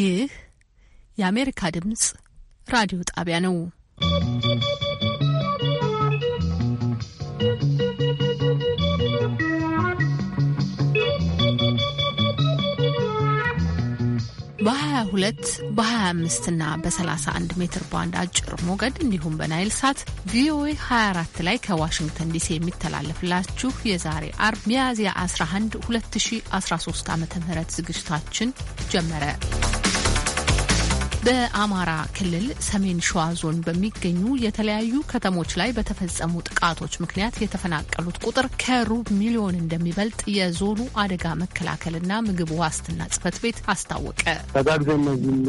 ይህ የአሜሪካ ድምጽ ራዲዮ ጣቢያ ነው። በ22 በ25 እና በ31 ሜትር ባንድ አጭር ሞገድ እንዲሁም በናይል ሳት ቪኦኤ 24 ላይ ከዋሽንግተን ዲሲ የሚተላለፍላችሁ የዛሬ አርብ ሚያዝያ 11 2013 ዓ ም ዝግጅታችን ጀመረ። በአማራ ክልል ሰሜን ሸዋ ዞን በሚገኙ የተለያዩ ከተሞች ላይ በተፈጸሙ ጥቃቶች ምክንያት የተፈናቀሉት ቁጥር ከሩብ ሚሊዮን እንደሚበልጥ የዞኑ አደጋ መከላከልና ምግብ ዋስትና ጽሕፈት ቤት አስታወቀ። ተጋግዘ እነዚህም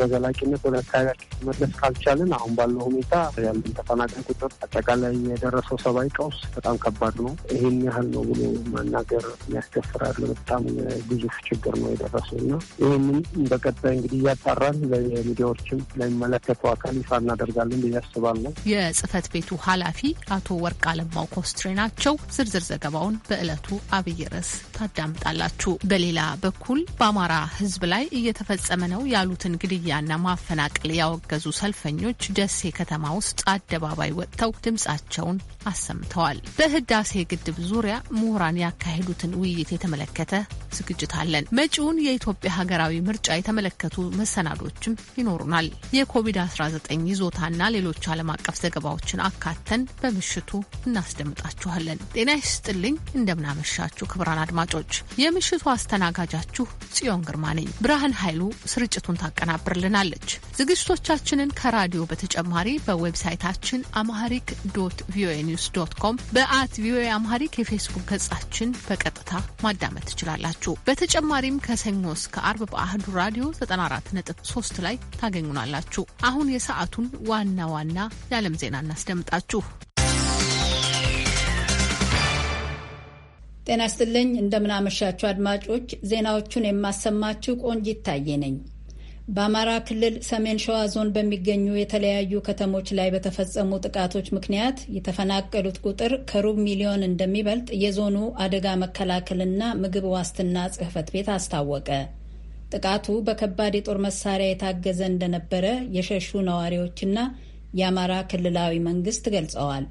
በዘላቂነት ወደ አካባቢያችን መለስ ካልቻልን አሁን ባለው ሁኔታ ያለን ተፈናቃይ ቁጥር አጠቃላይ የደረሰው ሰብአዊ ቀውስ በጣም ከባድ ነው። ይህን ያህል ነው ብሎ መናገር ያስደፍራል። በጣም ግዙፍ ችግር ነው የደረሰው እና ይህንም በቀጣይ እንግዲህ እያጣራን ለሚዲያዎችም ለሚመለከተው አካል ይፋ እናደርጋለን ብዬ አስባለሁ። የጽህፈት ቤቱ ኃላፊ አቶ ወርቅ አለማው ኮስትሬ ናቸው። ዝርዝር ዘገባውን በዕለቱ አብይ ርዕስ ታዳምጣላችሁ። በሌላ በኩል በአማራ ህዝብ ላይ እየተፈጸመ ነው ያሉትን ግድያና ማፈናቀል ያወገዙ ሰልፈኞች ደሴ ከተማ ውስጥ አደባባይ ወጥተው ድምጻቸውን አሰምተዋል። በህዳሴ ግድብ ዙሪያ ምሁራን ያካሄዱትን ውይይት የተመለከተ ዝግጅት አለን። መጪውን የኢትዮጵያ ሀገራዊ ምርጫ የተመለከቱ መሰናዶችም ይኖሩናል። የኮቪድ-19 ይዞታና ሌሎች ዓለም አቀፍ ዘገባዎችን አካተን በምሽቱ እናስደምጣችኋለን። ጤና ይስጥልኝ፣ እንደምናመሻችሁ ክብራን አድማጮች፣ የምሽቱ አስተናጋጃችሁ ጽዮን ግርማ ነኝ። ብርሃን ኃይሉ ስርጭቱን ታቀናብርልናለች። ዝግጅቶቻችንን ከራዲዮ በተጨማሪ በዌብሳይታችን አማሪክ ዶት ቪኦኤ ኒውስ ዶት ኮም በአት ቪኦኤ አማሪክ የፌስቡክ ገጻችን በቀጥታ ማዳመጥ ትችላላችሁ። በተጨማሪም ከሰኞ እስከ አርብ በአህዱ ራዲዮ 94.3 ላይ ላይ ታገኙናላችሁ። አሁን የሰዓቱን ዋና ዋና የዓለም ዜና እናስደምጣችሁ። ጤና ስትልኝ እንደምናመሻችሁ አድማጮች። ዜናዎቹን የማሰማችሁ ቆንጅ ይታየ ነኝ። በአማራ ክልል ሰሜን ሸዋ ዞን በሚገኙ የተለያዩ ከተሞች ላይ በተፈጸሙ ጥቃቶች ምክንያት የተፈናቀሉት ቁጥር ከሩብ ሚሊዮን እንደሚበልጥ የዞኑ አደጋ መከላከልና ምግብ ዋስትና ጽሕፈት ቤት አስታወቀ። ጥቃቱ በከባድ የጦር መሳሪያ የታገዘ እንደነበረ የሸሹ ነዋሪዎችና የአማራ ክልላዊ መንግስት ገልጸዋል።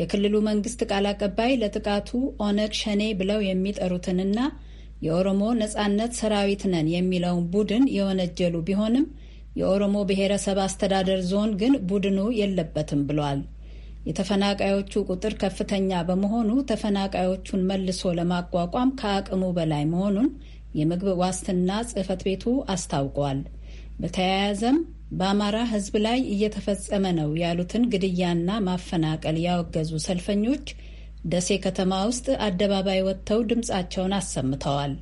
የክልሉ መንግስት ቃል አቀባይ ለጥቃቱ ኦነግ ሸኔ ብለው የሚጠሩትንና የኦሮሞ ነጻነት ሰራዊት ነን የሚለውን ቡድን የወነጀሉ ቢሆንም የኦሮሞ ብሔረሰብ አስተዳደር ዞን ግን ቡድኑ የለበትም ብሏል። የተፈናቃዮቹ ቁጥር ከፍተኛ በመሆኑ ተፈናቃዮቹን መልሶ ለማቋቋም ከአቅሙ በላይ መሆኑን የምግብ ዋስትና ጽህፈት ቤቱ አስታውቋል። በተያያዘም በአማራ ሕዝብ ላይ እየተፈጸመ ነው ያሉትን ግድያና ማፈናቀል ያወገዙ ሰልፈኞች ደሴ ከተማ ውስጥ አደባባይ ወጥተው ድምፃቸውን አሰምተዋል።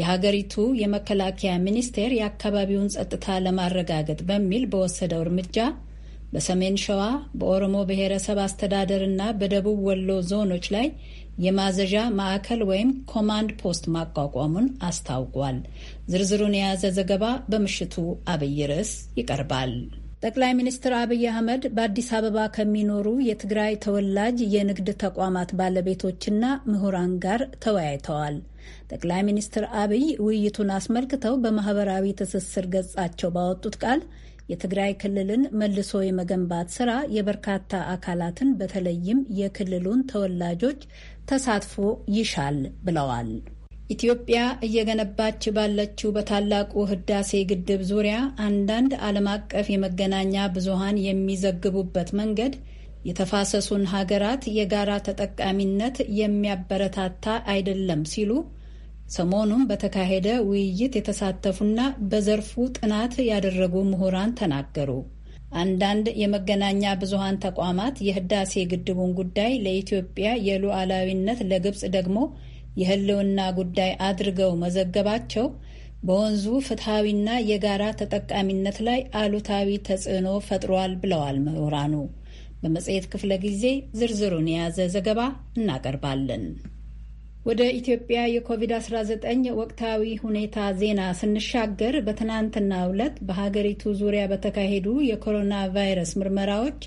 የሀገሪቱ የመከላከያ ሚኒስቴር የአካባቢውን ጸጥታ ለማረጋገጥ በሚል በወሰደው እርምጃ በሰሜን ሸዋ በኦሮሞ ብሔረሰብ አስተዳደርና በደቡብ ወሎ ዞኖች ላይ የማዘዣ ማዕከል ወይም ኮማንድ ፖስት ማቋቋሙን አስታውቋል። ዝርዝሩን የያዘ ዘገባ በምሽቱ አብይ ርዕስ ይቀርባል። ጠቅላይ ሚኒስትር አብይ አህመድ በአዲስ አበባ ከሚኖሩ የትግራይ ተወላጅ የንግድ ተቋማት ባለቤቶችና ምሁራን ጋር ተወያይተዋል። ጠቅላይ ሚኒስትር አብይ ውይይቱን አስመልክተው በማህበራዊ ትስስር ገጻቸው ባወጡት ቃል የትግራይ ክልልን መልሶ የመገንባት ስራ የበርካታ አካላትን በተለይም የክልሉን ተወላጆች ተሳትፎ ይሻል ብለዋል። ኢትዮጵያ እየገነባች ባለችው በታላቁ ህዳሴ ግድብ ዙሪያ አንዳንድ ዓለም አቀፍ የመገናኛ ብዙሃን የሚዘግቡበት መንገድ የተፋሰሱን ሀገራት የጋራ ተጠቃሚነት የሚያበረታታ አይደለም ሲሉ ሰሞኑን በተካሄደ ውይይት የተሳተፉና በዘርፉ ጥናት ያደረጉ ምሁራን ተናገሩ። አንዳንድ የመገናኛ ብዙሃን ተቋማት የህዳሴ ግድቡን ጉዳይ ለኢትዮጵያ የሉዓላዊነት ለግብፅ ደግሞ የህልውና ጉዳይ አድርገው መዘገባቸው በወንዙ ፍትሐዊና የጋራ ተጠቃሚነት ላይ አሉታዊ ተጽዕኖ ፈጥሯል ብለዋል ምሁራኑ። በመጽሔት ክፍለ ጊዜ ዝርዝሩን የያዘ ዘገባ እናቀርባለን። ወደ ኢትዮጵያ የኮቪድ-19 ወቅታዊ ሁኔታ ዜና ስንሻገር በትናንትና ዕለት በሀገሪቱ ዙሪያ በተካሄዱ የኮሮና ቫይረስ ምርመራዎች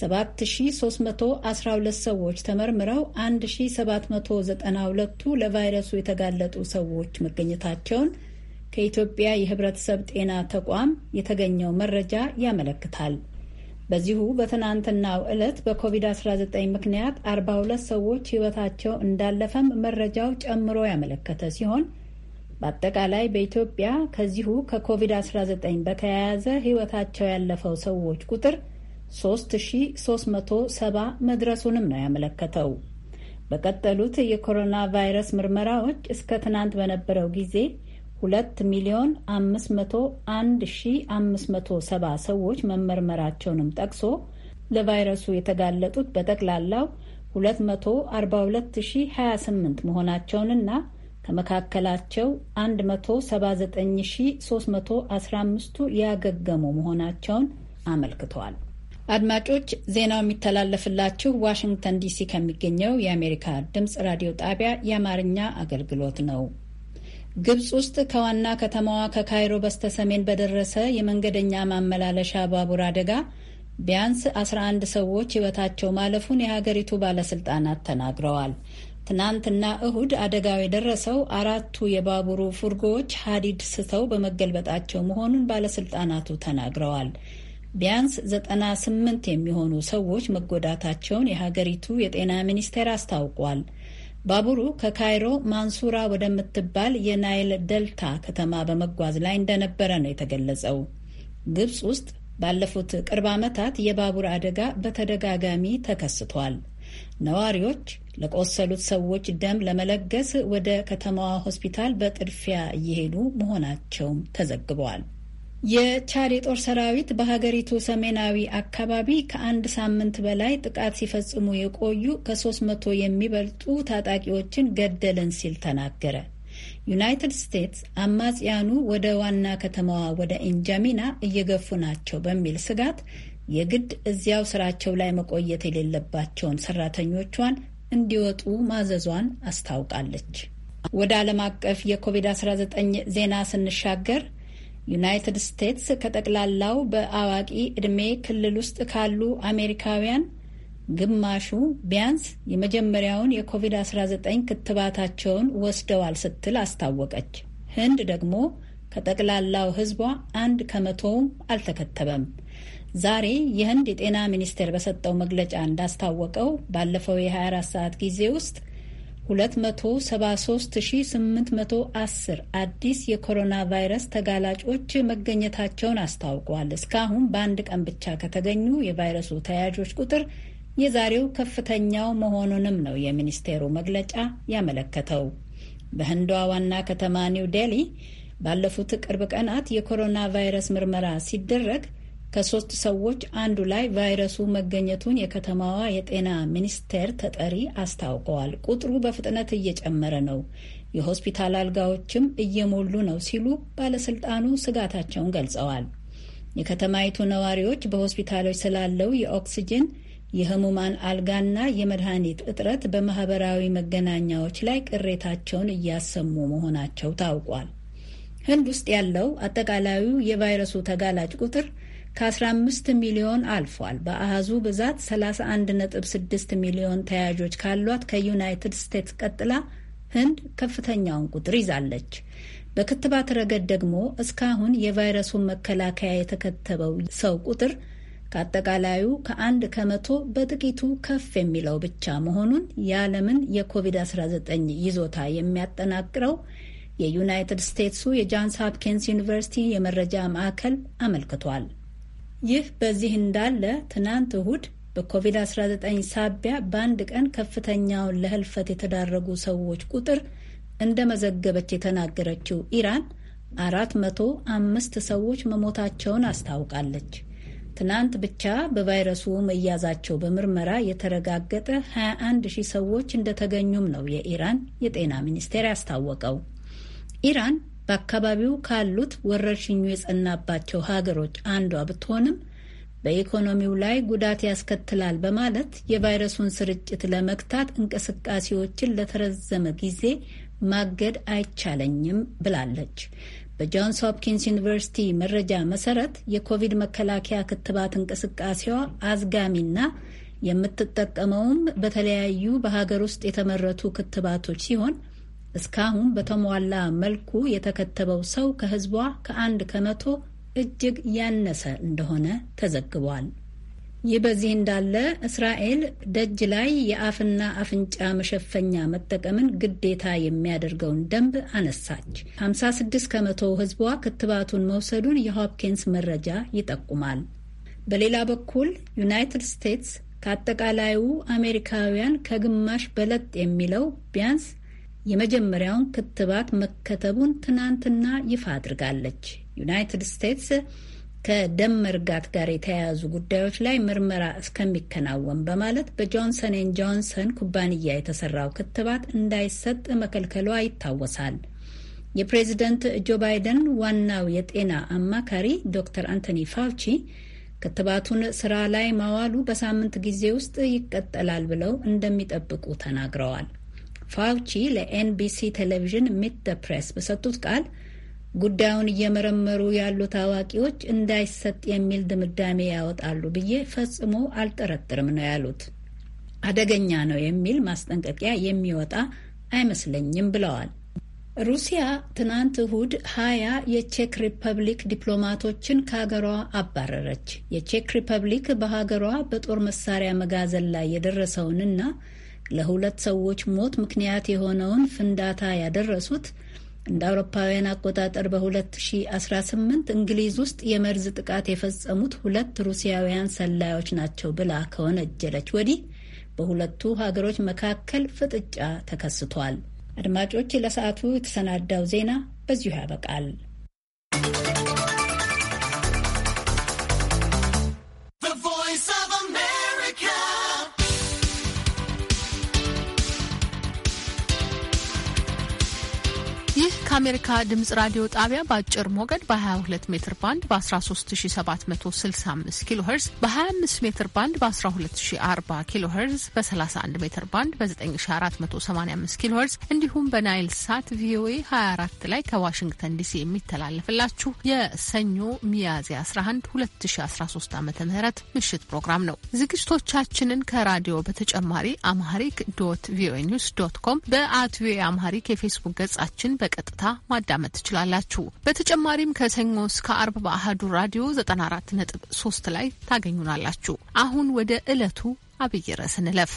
7312 ሰዎች ተመርምረው 1792ቱ ለቫይረሱ የተጋለጡ ሰዎች መገኘታቸውን ከኢትዮጵያ የሕብረተሰብ ጤና ተቋም የተገኘው መረጃ ያመለክታል። በዚሁ በትናንትናው ዕለት በኮቪድ-19 ምክንያት 42 ሰዎች ሕይወታቸው እንዳለፈም መረጃው ጨምሮ ያመለከተ ሲሆን በአጠቃላይ በኢትዮጵያ ከዚሁ ከኮቪድ-19 በተያያዘ ሕይወታቸው ያለፈው ሰዎች ቁጥር 3370 መድረሱንም ነው ያመለከተው። በቀጠሉት የኮሮና ቫይረስ ምርመራዎች እስከ ትናንት በነበረው ጊዜ ሁለት ሚሊዮን አምስት መቶ አንድ ሺ አምስት መቶ ሰባ ሰዎች መመርመራቸውንም ጠቅሶ ለቫይረሱ የተጋለጡት በጠቅላላው ሁለት መቶ አርባ ሁለት ሺ ሀያ ስምንት መሆናቸውንና ከመካከላቸው 179315ቱ ያገገሙ መሆናቸውን አመልክቷል። አድማጮች ዜናው የሚተላለፍላችሁ ዋሽንግተን ዲሲ ከሚገኘው የአሜሪካ ድምፅ ራዲዮ ጣቢያ የአማርኛ አገልግሎት ነው። ግብጽ ውስጥ ከዋና ከተማዋ ከካይሮ በስተሰሜን በደረሰ የመንገደኛ ማመላለሻ ባቡር አደጋ ቢያንስ 11 ሰዎች ሕይወታቸው ማለፉን የሀገሪቱ ባለስልጣናት ተናግረዋል። ትናንትና እሁድ አደጋው የደረሰው አራቱ የባቡሩ ፉርጎዎች ሀዲድ ስተው በመገልበጣቸው መሆኑን ባለስልጣናቱ ተናግረዋል። ቢያንስ 98 የሚሆኑ ሰዎች መጎዳታቸውን የሀገሪቱ የጤና ሚኒስቴር አስታውቋል። ባቡሩ ከካይሮ ማንሱራ ወደምትባል የናይል ደልታ ከተማ በመጓዝ ላይ እንደነበረ ነው የተገለጸው። ግብፅ ውስጥ ባለፉት ቅርብ ዓመታት የባቡር አደጋ በተደጋጋሚ ተከስቷል። ነዋሪዎች ለቆሰሉት ሰዎች ደም ለመለገስ ወደ ከተማዋ ሆስፒታል በጥድፊያ እየሄዱ መሆናቸውም ተዘግበዋል። የቻድ የጦር ሰራዊት በሀገሪቱ ሰሜናዊ አካባቢ ከአንድ ሳምንት በላይ ጥቃት ሲፈጽሙ የቆዩ ከሶስት መቶ የሚበልጡ ታጣቂዎችን ገደለን ሲል ተናገረ። ዩናይትድ ስቴትስ አማጽያኑ ወደ ዋና ከተማዋ ወደ ኢንጃሚና እየገፉ ናቸው በሚል ስጋት የግድ እዚያው ስራቸው ላይ መቆየት የሌለባቸውን ሰራተኞቿን እንዲወጡ ማዘዟን አስታውቃለች። ወደ ዓለም አቀፍ የኮቪድ-19 ዜና ስንሻገር ዩናይትድ ስቴትስ ከጠቅላላው በአዋቂ ዕድሜ ክልል ውስጥ ካሉ አሜሪካውያን ግማሹ ቢያንስ የመጀመሪያውን የኮቪድ-19 ክትባታቸውን ወስደዋል ስትል አስታወቀች። ህንድ ደግሞ ከጠቅላላው ህዝቧ አንድ ከመቶውም አልተከተበም። ዛሬ የህንድ የጤና ሚኒስቴር በሰጠው መግለጫ እንዳስታወቀው ባለፈው የ24 ሰዓት ጊዜ ውስጥ 273810 አዲስ የኮሮና ቫይረስ ተጋላጮች መገኘታቸውን አስታውቋል። እስካሁን በአንድ ቀን ብቻ ከተገኙ የቫይረሱ ተያዦች ቁጥር የዛሬው ከፍተኛው መሆኑንም ነው የሚኒስቴሩ መግለጫ ያመለከተው። በህንዷ ዋና ከተማ ኒው ዴሊ ባለፉት ቅርብ ቀናት የኮሮና ቫይረስ ምርመራ ሲደረግ ከሶስት ሰዎች አንዱ ላይ ቫይረሱ መገኘቱን የከተማዋ የጤና ሚኒስቴር ተጠሪ አስታውቀዋል። ቁጥሩ በፍጥነት እየጨመረ ነው፣ የሆስፒታል አልጋዎችም እየሞሉ ነው ሲሉ ባለስልጣኑ ስጋታቸውን ገልጸዋል። የከተማይቱ ነዋሪዎች በሆስፒታሎች ስላለው የኦክስጅን የህሙማን አልጋና የመድኃኒት እጥረት በማህበራዊ መገናኛዎች ላይ ቅሬታቸውን እያሰሙ መሆናቸው ታውቋል። ህንድ ውስጥ ያለው አጠቃላዩ የቫይረሱ ተጋላጭ ቁጥር ከ15 ሚሊዮን አልፏል። በአሃዙ ብዛት 31.6 ሚሊዮን ተያዦች ካሏት ከዩናይትድ ስቴትስ ቀጥላ ህንድ ከፍተኛውን ቁጥር ይዛለች። በክትባት ረገድ ደግሞ እስካሁን የቫይረሱን መከላከያ የተከተበው ሰው ቁጥር ከአጠቃላዩ ከአንድ ከመቶ በጥቂቱ ከፍ የሚለው ብቻ መሆኑን የዓለምን የኮቪድ-19 ይዞታ የሚያጠናቅረው የዩናይትድ ስቴትሱ የጃንስ ሀፕኪንስ ዩኒቨርሲቲ የመረጃ ማዕከል አመልክቷል። ይህ በዚህ እንዳለ ትናንት እሁድ በኮቪድ-19 ሳቢያ በአንድ ቀን ከፍተኛውን ለህልፈት የተዳረጉ ሰዎች ቁጥር እንደመዘገበች የተናገረችው ኢራን አራት መቶ አምስት ሰዎች መሞታቸውን አስታውቃለች። ትናንት ብቻ በቫይረሱ መያዛቸው በምርመራ የተረጋገጠ 21 ሺህ ሰዎች እንደተገኙም ነው የኢራን የጤና ሚኒስቴር ያስታወቀው። ኢራን በአካባቢው ካሉት ወረርሽኙ የጸናባቸው ሀገሮች አንዷ ብትሆንም በኢኮኖሚው ላይ ጉዳት ያስከትላል በማለት የቫይረሱን ስርጭት ለመግታት እንቅስቃሴዎችን ለተረዘመ ጊዜ ማገድ አይቻለኝም ብላለች። በጆንስ ሆፕኪንስ ዩኒቨርሲቲ መረጃ መሰረት የኮቪድ መከላከያ ክትባት እንቅስቃሴዋ አዝጋሚና የምትጠቀመውም በተለያዩ በሀገር ውስጥ የተመረቱ ክትባቶች ሲሆን እስካሁን በተሟላ መልኩ የተከተበው ሰው ከህዝቧ ከአንድ ከመቶ እጅግ ያነሰ እንደሆነ ተዘግቧል። ይህ በዚህ እንዳለ እስራኤል ደጅ ላይ የአፍና አፍንጫ መሸፈኛ መጠቀምን ግዴታ የሚያደርገውን ደንብ አነሳች። 56 ከመቶ ህዝቧ ክትባቱን መውሰዱን የሆፕኪንስ መረጃ ይጠቁማል። በሌላ በኩል ዩናይትድ ስቴትስ ከአጠቃላዩ አሜሪካውያን ከግማሽ በለጥ የሚለው ቢያንስ የመጀመሪያውን ክትባት መከተቡን ትናንትና ይፋ አድርጋለች። ዩናይትድ ስቴትስ ከደም መርጋት ጋር የተያያዙ ጉዳዮች ላይ ምርመራ እስከሚከናወን በማለት በጆንሰን ኤን ጆንሰን ኩባንያ የተሰራው ክትባት እንዳይሰጥ መከልከሏ ይታወሳል። የፕሬዝደንት ጆ ባይደን ዋናው የጤና አማካሪ ዶክተር አንቶኒ ፋውቺ ክትባቱን ስራ ላይ ማዋሉ በሳምንት ጊዜ ውስጥ ይቀጠላል ብለው እንደሚጠብቁ ተናግረዋል። ፋውቺ ለኤንቢሲ ቴሌቪዥን ሚት ደ ፕሬስ በሰጡት ቃል ጉዳዩን እየመረመሩ ያሉት አዋቂዎች እንዳይሰጥ የሚል ድምዳሜ ያወጣሉ ብዬ ፈጽሞ አልጠረጥርም ነው ያሉት። አደገኛ ነው የሚል ማስጠንቀቂያ የሚወጣ አይመስለኝም ብለዋል። ሩሲያ ትናንት እሁድ ሀያ የቼክ ሪፐብሊክ ዲፕሎማቶችን ከሀገሯ አባረረች። የቼክ ሪፐብሊክ በሀገሯ በጦር መሳሪያ መጋዘን ላይ የደረሰውንና ለሁለት ሰዎች ሞት ምክንያት የሆነውን ፍንዳታ ያደረሱት እንደ አውሮፓውያን አቆጣጠር በ2018 እንግሊዝ ውስጥ የመርዝ ጥቃት የፈጸሙት ሁለት ሩሲያውያን ሰላዮች ናቸው ብላ ከወነጀለች ወዲህ በሁለቱ ሀገሮች መካከል ፍጥጫ ተከስቷል። አድማጮች፣ ለሰዓቱ የተሰናዳው ዜና በዚሁ ያበቃል። ከአሜሪካ ድምጽ ራዲዮ ጣቢያ በአጭር ሞገድ በ22 ሜትር ባንድ በ13765 ኪሎ ሄርዝ በ25 ሜትር ባንድ በ1240 ኪሎ ሄርዝ በ31 ሜትር ባንድ በ9485 ኪሎ ሄርዝ እንዲሁም በናይል ሳት ቪኦኤ 24 ላይ ከዋሽንግተን ዲሲ የሚተላለፍላችሁ የሰኞ ሚያዝያ 11 2013 ዓ ም ምሽት ፕሮግራም ነው። ዝግጅቶቻችንን ከራዲዮ በተጨማሪ አምሃሪክ ዶት ቪኦኤ ኒውስ ዶት ኮም በአት ቪኦኤ አምሃሪክ የፌስቡክ ገጻችን በቀጥታ በቀጥታ ማዳመጥ ትችላላችሁ። በተጨማሪም ከሰኞ እስከ አርብ በአህዱ ራዲዮ 94.3 ላይ ታገኙናላችሁ። አሁን ወደ ዕለቱ አብይ ርዕስ እንለፍ።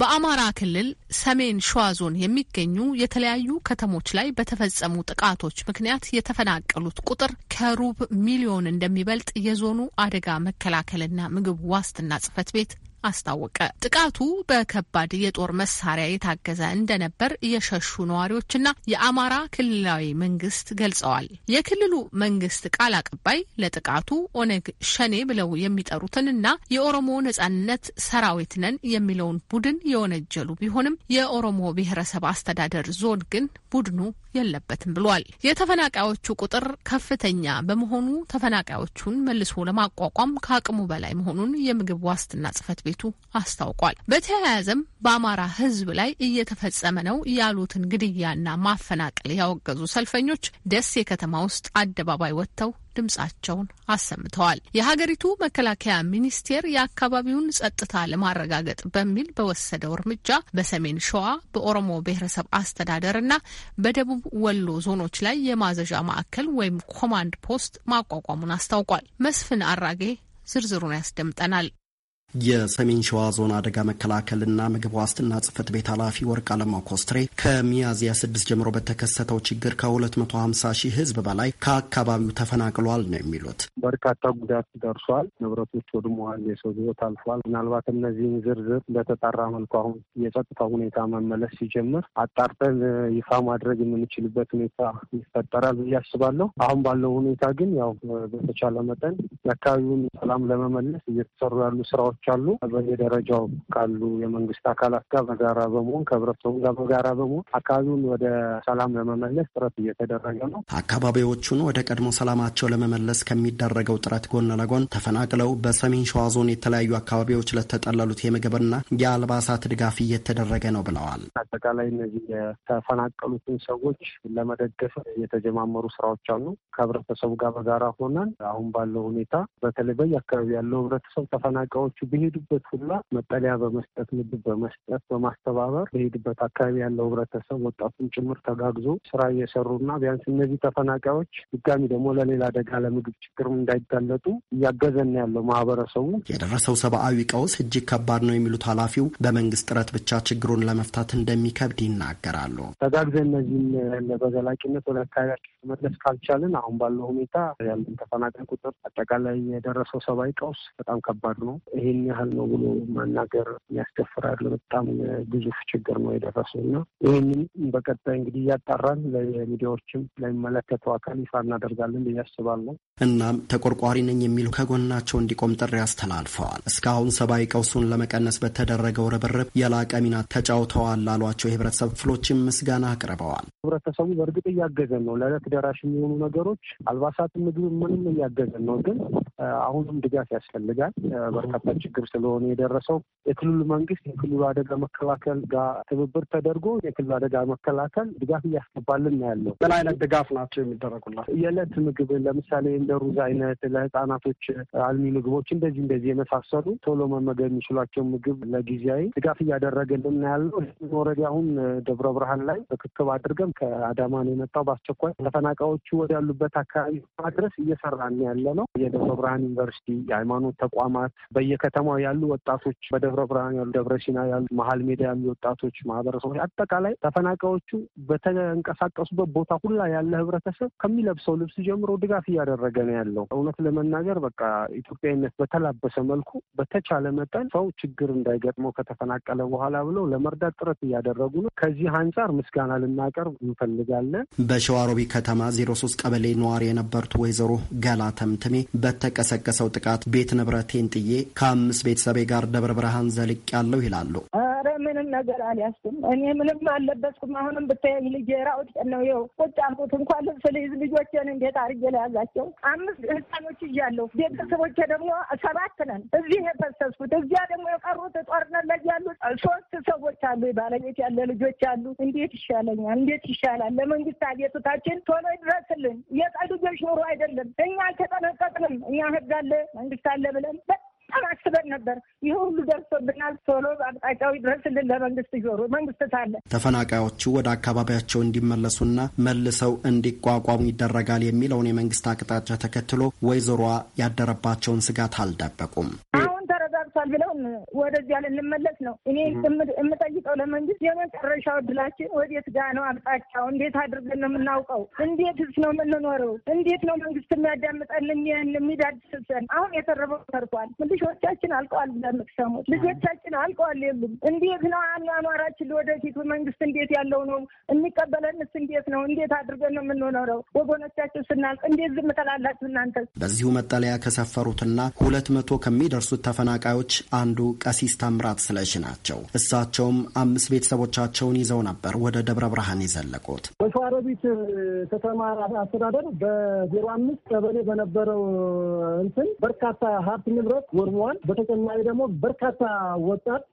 በአማራ ክልል ሰሜን ሸዋ ዞን የሚገኙ የተለያዩ ከተሞች ላይ በተፈጸሙ ጥቃቶች ምክንያት የተፈናቀሉት ቁጥር ከሩብ ሚሊዮን እንደሚበልጥ የዞኑ አደጋ መከላከልና ምግብ ዋስትና ጽሕፈት ቤት አስታወቀ። ጥቃቱ በከባድ የጦር መሳሪያ የታገዘ እንደነበር የሸሹ ነዋሪዎችና የአማራ ክልላዊ መንግስት ገልጸዋል። የክልሉ መንግስት ቃል አቀባይ ለጥቃቱ ኦነግ ሸኔ ብለው የሚጠሩትንና የኦሮሞ ነጻነት ሰራዊት ነን የሚለውን ቡድን የወነጀሉ ቢሆንም የኦሮሞ ብሔረሰብ አስተዳደር ዞን ግን ቡድኑ የለበትም ብሏል። የተፈናቃዮቹ ቁጥር ከፍተኛ በመሆኑ ተፈናቃዮቹን መልሶ ለማቋቋም ከአቅሙ በላይ መሆኑን የምግብ ዋስትና ጽፈት ቤቱ አስታውቋል። በተያያዘም በአማራ ሕዝብ ላይ እየተፈጸመ ነው ያሉትን ግድያና ማፈናቀል ያወገዙ ሰልፈኞች ደሴ ከተማ ውስጥ አደባባይ ወጥተው ድምጻቸውን አሰምተዋል። የሀገሪቱ መከላከያ ሚኒስቴር የአካባቢውን ጸጥታ ለማረጋገጥ በሚል በወሰደው እርምጃ በሰሜን ሸዋ በኦሮሞ ብሔረሰብ አስተዳደርና በደቡብ ወሎ ዞኖች ላይ የማዘዣ ማዕከል ወይም ኮማንድ ፖስት ማቋቋሙን አስታውቋል። መስፍን አራጌ ዝርዝሩን ያስደምጠናል። የሰሜን ሸዋ ዞን አደጋ መከላከልና ምግብ ዋስትና ጽህፈት ቤት ኃላፊ ወርቅ አለማው ኮስትሬ ከሚያዝያ ስድስት ጀምሮ በተከሰተው ችግር ከ250 ሺህ ህዝብ በላይ ከአካባቢው ተፈናቅሏል ነው የሚሉት። በርካታ ጉዳት ደርሷል፣ ንብረቶች ወድመዋል፣ የሰው ህይወት አልፏል። ምናልባት እነዚህን ዝርዝር በተጣራ መልኩ አሁን የጸጥታ ሁኔታ መመለስ ሲጀምር አጣርተን ይፋ ማድረግ የምንችልበት ሁኔታ ይፈጠራል ብዬ አስባለሁ። አሁን ባለው ሁኔታ ግን ያው በተቻለ መጠን የአካባቢውን ሰላም ለመመለስ እየተሰሩ ያሉ ስራዎች አካሎች አሉ። በየደረጃው ካሉ የመንግስት አካላት ጋር በጋራ በመሆን ከህብረተሰቡ ጋር በጋራ በመሆን አካባቢውን ወደ ሰላም ለመመለስ ጥረት እየተደረገ ነው። አካባቢዎቹን ወደ ቀድሞ ሰላማቸው ለመመለስ ከሚደረገው ጥረት ጎን ለጎን ተፈናቅለው በሰሜን ሸዋ ዞን የተለያዩ አካባቢዎች ለተጠለሉት የምግብና የአልባሳት ድጋፍ እየተደረገ ነው ብለዋል። አጠቃላይ እነዚህ የተፈናቀሉትን ሰዎች ለመደገፍ የተጀማመሩ ስራዎች አሉ። ከህብረተሰቡ ጋር በጋራ ሆነን አሁን ባለው ሁኔታ በተለይ በየ አካባቢ ያለው ህብረተሰብ ተፈናቃዮቹ በሄዱበት ሁላ መጠለያ በመስጠት ምግብ በመስጠት በማስተባበር በሄዱበት አካባቢ ያለው ህብረተሰብ ወጣቱን ጭምር ተጋግዞ ስራ እየሰሩና ቢያንስ እነዚህ ተፈናቃዮች ድጋሚ ደግሞ ለሌላ አደጋ ለምግብ ችግርም እንዳይጋለጡ እያገዘን ያለው ማህበረሰቡ። የደረሰው ሰብአዊ ቀውስ እጅግ ከባድ ነው የሚሉት ኃላፊው በመንግስት ጥረት ብቻ ችግሩን ለመፍታት እንደሚከብድ ይናገራሉ። ተጋግዘ እነዚህም በዘላቂነት ወደ አካባቢያችን መለስ ካልቻልን አሁን ባለው ሁኔታ ያለን ተፈናቃይ ቁጥር አጠቃላይ የደረሰው ሰብአዊ ቀውስ በጣም ከባድ ነው። ይህን ይህን ያህል ነው ብሎ ማናገር ያስደፍራል። በጣም ግዙፍ ችግር ነው የደረሰው እና ይህንን በቀጣይ እንግዲህ እያጣራን ለሚዲያዎችም ለሚመለከተው አካል ይፋ እናደርጋለን ብዬ አስባለሁ። እናም ተቆርቋሪ ነኝ የሚሉ ከጎናቸው እንዲቆም ጥሪ አስተላልፈዋል። እስካሁን ሰብአዊ ቀውሱን ለመቀነስ በተደረገው ርብርብ የላቀ ሚና ተጫውተዋል ላሏቸው የህብረተሰብ ክፍሎችም ምስጋና አቅርበዋል። ህብረተሰቡ በእርግጥ እያገዘን ነው። ለዕለት ደራሽ የሚሆኑ ነገሮች አልባሳት፣ ምግብ፣ ምንም እያገዘን ነው። ግን አሁንም ድጋፍ ያስፈልጋል። በርካታ ችግር ስለሆነ የደረሰው የክልሉ መንግስት የክልሉ አደጋ መከላከል ጋር ትብብር ተደርጎ የክልሉ አደጋ መከላከል ድጋፍ እያስገባልን ነው ያለው። ምን አይነት ድጋፍ ናቸው የሚደረጉላት? የዕለት ምግብ ለምሳሌ እንደ ሩዝ አይነት ለህፃናቶች አልሚ ምግቦች እንደዚህ እንደዚህ የመሳሰሉ ቶሎ መመገብ የሚችሏቸው ምግብ ለጊዜያዊ ድጋፍ እያደረገልን ነው ያለው። ኦልሬዲ አሁን ደብረ ብርሃን ላይ ርክክብ አድርገን ከአዳማ ነው የመጣው በአስቸኳይ ተፈናቃዮቹ ወዳሉበት አካባቢ ማድረስ እየሰራን ያለ ነው። የደብረ ብርሃን ዩኒቨርሲቲ፣ የሃይማኖት ተቋማት በየከ ከተማ ያሉ ወጣቶች፣ በደብረ ብርሃን ያሉ፣ ደብረ ሲና ያሉ፣ መሀል ሜዳ ያሉ ወጣቶች ማህበረሰቦች፣ አጠቃላይ ተፈናቃዮቹ በተንቀሳቀሱበት ቦታ ሁላ ያለ ህብረተሰብ ከሚለብሰው ልብስ ጀምሮ ድጋፍ እያደረገ ነው ያለው። እውነት ለመናገር በቃ ኢትዮጵያዊነት በተላበሰ መልኩ በተቻለ መጠን ሰው ችግር እንዳይገጥመው ከተፈናቀለ በኋላ ብለው ለመርዳት ጥረት እያደረጉ ነው። ከዚህ አንጻር ምስጋና ልናቀርብ እንፈልጋለን። በሸዋሮቢ ከተማ ዜሮ ሶስት ቀበሌ ነዋሪ የነበሩት ወይዘሮ ገላ ተምትሜ በተቀሰቀሰው ጥቃት ቤት ንብረቴን ጥዬ ከአምስት ቤተሰቤ ጋር ደብረ ብርሃን ዘልቅ ያለው ይላሉ። ኧረ ምንም ነገር አልያዝኩም እኔ ምንም አለበስኩም። አሁንም ብታየኝ ልጄ ራውጥ ነው ይኸው ቁጭ አልኩት። እንኳን ልብስ ልይዝ ልጆችን እንዴት አድርጌ ለያዛቸው አምስት ህፃኖች እያለሁ ቤተሰቦቼ ደግሞ ሰባት ነን። እዚህ የፈሰስኩት እዚያ ደግሞ የቀሩት ጦርነት ላይ ያሉ ሶስት ሰዎች አሉ። ባለቤት ያለ ልጆች አሉ። እንዴት ይሻለኛል? እንዴት ይሻላል? ለመንግስት አቤቱታችን ቶሎ ይድረስልን። የጠልጆች ኑሮ አይደለም። እኛ አልተጠነቀቅንም። እኛ ህግ አለ መንግስት አለ ብለን በጣም አስበን ነበር። ይህ ሁሉ ደርሶብናል። ቶሎ አቅጣጫዊ ድረስልን ለመንግስት ጆሮ መንግስት ታለ ተፈናቃዮቹ ወደ አካባቢያቸው እንዲመለሱና መልሰው እንዲቋቋሙ ይደረጋል የሚለውን የመንግስት አቅጣጫ ተከትሎ ወይዘሮዋ ያደረባቸውን ስጋት አልደበቁም። አሁን ተዘግቷል ብለውን ወደዚያ ልንመለስ ነው። እኔ የምጠይቀው ለመንግስት የመጨረሻው እድላችን ወዴት ጋ ነው? አቅጣጫው እንዴት አድርገን ነው የምናውቀው? እንዴትስ ነው የምንኖረው? እንዴት ነው መንግስት የሚያዳምጠን የሚዳድስሰን? አሁን የተረፈው ተርፏል። ልጆቻችን አልቀዋል ለምትሰሙት ልጆቻችን አልቀዋል የሉም። እንዴት ነው አኗኗራችን ወደፊቱ መንግስት እንዴት ያለው ነው የሚቀበለንስ? እንዴት ነው እንዴት አድርገን ነው የምንኖረው? ወገኖቻችን ስናልቅ እንዴት ዝም ትላላችሁ እናንተ? በዚሁ መጠለያ ከሰፈሩትና ሁለት መቶ ከሚደርሱት ተፈናቃዮች ተማሪዎች አንዱ ቀሲስ ታምራት ስለሽ ናቸው። እሳቸውም አምስት ቤተሰቦቻቸውን ይዘው ነበር ወደ ደብረ ብርሃን የዘለቁት። በሸዋሮቢት ከተማ አስተዳደር በዜሮ አምስት ቀበሌ በነበረው እንትን በርካታ ሀብት ንብረት ወድመዋል። በተጨማሪ ደግሞ በርካታ ወጣት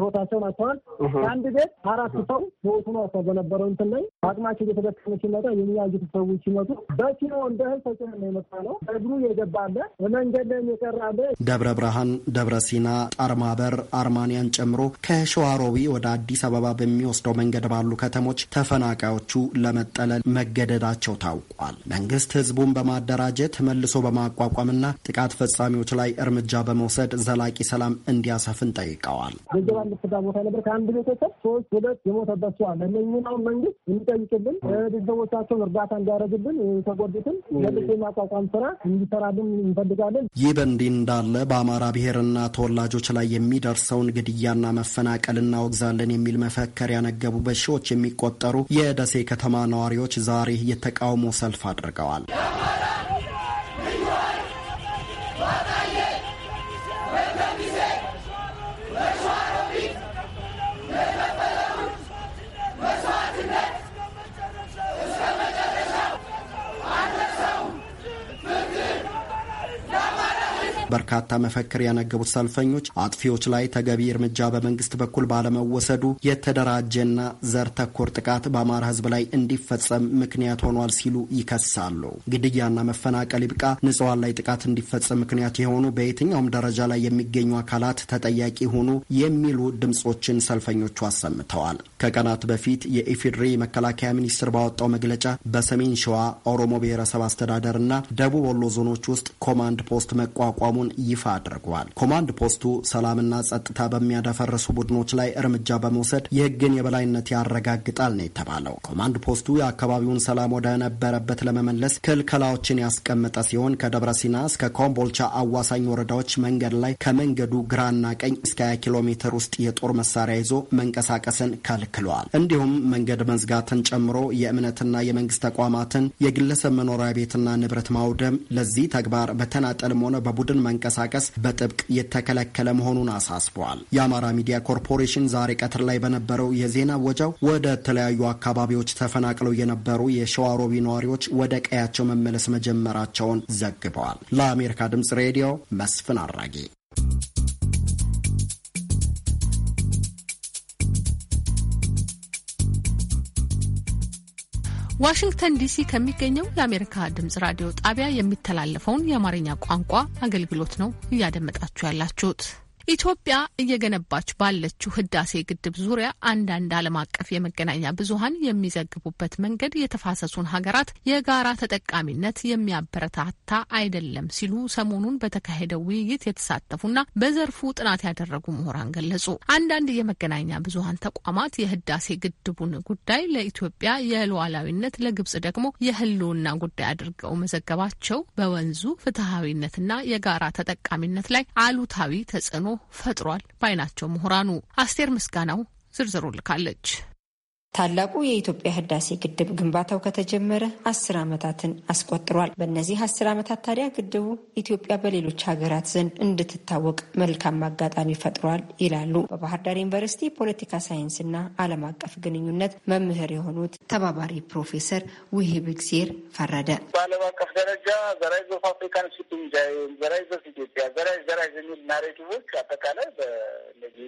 ህይወታቸውን አጥተዋል። ከአንድ ቤት አራት ሰው ህይወቱን አጥተው በነበረው እንትን ላይ አቅማቸው እየተደከመ ሲመጣ የኛ ሰዎች ሲመጡ በኪኖ እንደ እህል የመጣ ነው። እግሩ የገባለ መንገድ ላይ የቀራለ ደብረ ብርሃን ደብረ ሲና ጠርማበር፣ አርማንያን ጨምሮ ከሸዋሮቢ ወደ አዲስ አበባ በሚወስደው መንገድ ባሉ ከተሞች ተፈናቃዮቹ ለመጠለል መገደዳቸው ታውቋል። መንግስት ህዝቡን በማደራጀት መልሶ በማቋቋምና ጥቃት ፈጻሚዎች ላይ እርምጃ በመውሰድ ዘላቂ ሰላም እንዲያሰፍን ጠይቀዋል። ገጀባ ልፍታ ቦታ ነበር ከአንድ ቤተሰብ ሶስት ሁለት የሞተባቸው አለ። እነኝናውን መንግስት እንዲጠይቅልን ቤተሰቦቻቸውን እርዳታ እንዲያደርግልን የተጎዱትን መልሶ የማቋቋም ስራ እንዲሰራልን እንፈልጋለን። ይህ በእንዲህ እንዳለ በአማራ ብሔርና ተወላጆች ላይ የሚደርሰውን ግድያና መፈናቀል እናወግዛለን የሚል መፈክር ያነገቡ በሺዎች የሚቆጠሩ የደሴ ከተማ ነዋሪዎች ዛሬ የተቃውሞ ሰልፍ አድርገዋል። በርካታ መፈክር ያነገቡት ሰልፈኞች አጥፊዎች ላይ ተገቢ እርምጃ በመንግስት በኩል ባለመወሰዱ የተደራጀና ዘር ተኮር ጥቃት በአማራ ህዝብ ላይ እንዲፈጸም ምክንያት ሆኗል ሲሉ ይከሳሉ። ግድያና መፈናቀል ይብቃ፣ ንጹሐን ላይ ጥቃት እንዲፈጸም ምክንያት የሆኑ በየትኛውም ደረጃ ላይ የሚገኙ አካላት ተጠያቂ ሆኑ የሚሉ ድምጾችን ሰልፈኞቹ አሰምተዋል። ከቀናት በፊት የኢፌዴሪ መከላከያ ሚኒስቴር ባወጣው መግለጫ በሰሜን ሸዋ ኦሮሞ ብሔረሰብ አስተዳደርና ደቡብ ወሎ ዞኖች ውስጥ ኮማንድ ፖስት መቋቋሙ መሆኑን ይፋ አድርጓል። ኮማንድ ፖስቱ ሰላምና ጸጥታ በሚያደፈርሱ ቡድኖች ላይ እርምጃ በመውሰድ የህግን የበላይነት ያረጋግጣል ነው የተባለው። ኮማንድ ፖስቱ የአካባቢውን ሰላም ወደ ነበረበት ለመመለስ ክልከላዎችን ያስቀመጠ ሲሆን ከደብረ ሲና እስከ ኮምቦልቻ አዋሳኝ ወረዳዎች መንገድ ላይ ከመንገዱ ግራና ቀኝ እስከ 20 ኪሎ ሜትር ውስጥ የጦር መሳሪያ ይዞ መንቀሳቀስን ከልክሏል። እንዲሁም መንገድ መዝጋትን ጨምሮ የእምነትና የመንግስት ተቋማትን፣ የግለሰብ መኖሪያ ቤትና ንብረት ማውደም፣ ለዚህ ተግባር በተናጠልም ሆነ በቡድን መንቀሳቀስ በጥብቅ የተከለከለ መሆኑን አሳስበዋል። የአማራ ሚዲያ ኮርፖሬሽን ዛሬ ቀትር ላይ በነበረው የዜና ወጃው ወደ ተለያዩ አካባቢዎች ተፈናቅለው የነበሩ የሸዋሮቢ ነዋሪዎች ወደ ቀያቸው መመለስ መጀመራቸውን ዘግበዋል። ለአሜሪካ ድምጽ ሬዲዮ መስፍን አራጌ ዋሽንግተን ዲሲ ከሚገኘው የአሜሪካ ድምጽ ራዲዮ ጣቢያ የሚተላለፈውን የአማርኛ ቋንቋ አገልግሎት ነው እያደመጣችሁ ያላችሁት። ኢትዮጵያ እየገነባች ባለችው ህዳሴ ግድብ ዙሪያ አንዳንድ ዓለም አቀፍ የመገናኛ ብዙሀን የሚዘግቡበት መንገድ የተፋሰሱን ሀገራት የጋራ ተጠቃሚነት የሚያበረታታ አይደለም ሲሉ ሰሞኑን በተካሄደው ውይይት የተሳተፉና በዘርፉ ጥናት ያደረጉ ምሁራን ገለጹ። አንዳንድ የመገናኛ ብዙሀን ተቋማት የህዳሴ ግድቡን ጉዳይ ለኢትዮጵያ የሉዓላዊነት ለግብጽ ደግሞ የህልውና ጉዳይ አድርገው መዘገባቸው በወንዙ ፍትሐዊነትና የጋራ ተጠቃሚነት ላይ አሉታዊ ተጽዕኖ ፈጥሯል ባይናቸው ምሁራኑ። አስቴር ምስጋናው ዝርዝሩ ልካለች። ታላቁ የኢትዮጵያ ህዳሴ ግድብ ግንባታው ከተጀመረ አስር ዓመታትን አስቆጥሯል። በእነዚህ አስር ዓመታት ታዲያ ግድቡ ኢትዮጵያ በሌሎች ሀገራት ዘንድ እንድትታወቅ መልካም አጋጣሚ ፈጥሯል ይላሉ በባህር ዳር ዩኒቨርሲቲ ፖለቲካ ሳይንስና ዓለም አቀፍ ግንኙነት መምህር የሆኑት ተባባሪ ፕሮፌሰር ውሄ ብግዜር ፈረደ። በዓለም አቀፍ ደረጃ ዘራይዞ ኦፍ አፍሪካን ሺፒንግ ዘራይዝ ኦፍ ኢትዮጵያ ዘራይ ዘራይ የሚል ናሬቲቮች አጠቃላይ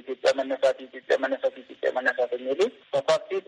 ኢትዮጵያ መነሳት ኢትዮጵያ መነሳት ኢትዮጵያ መነሳት የሚሉ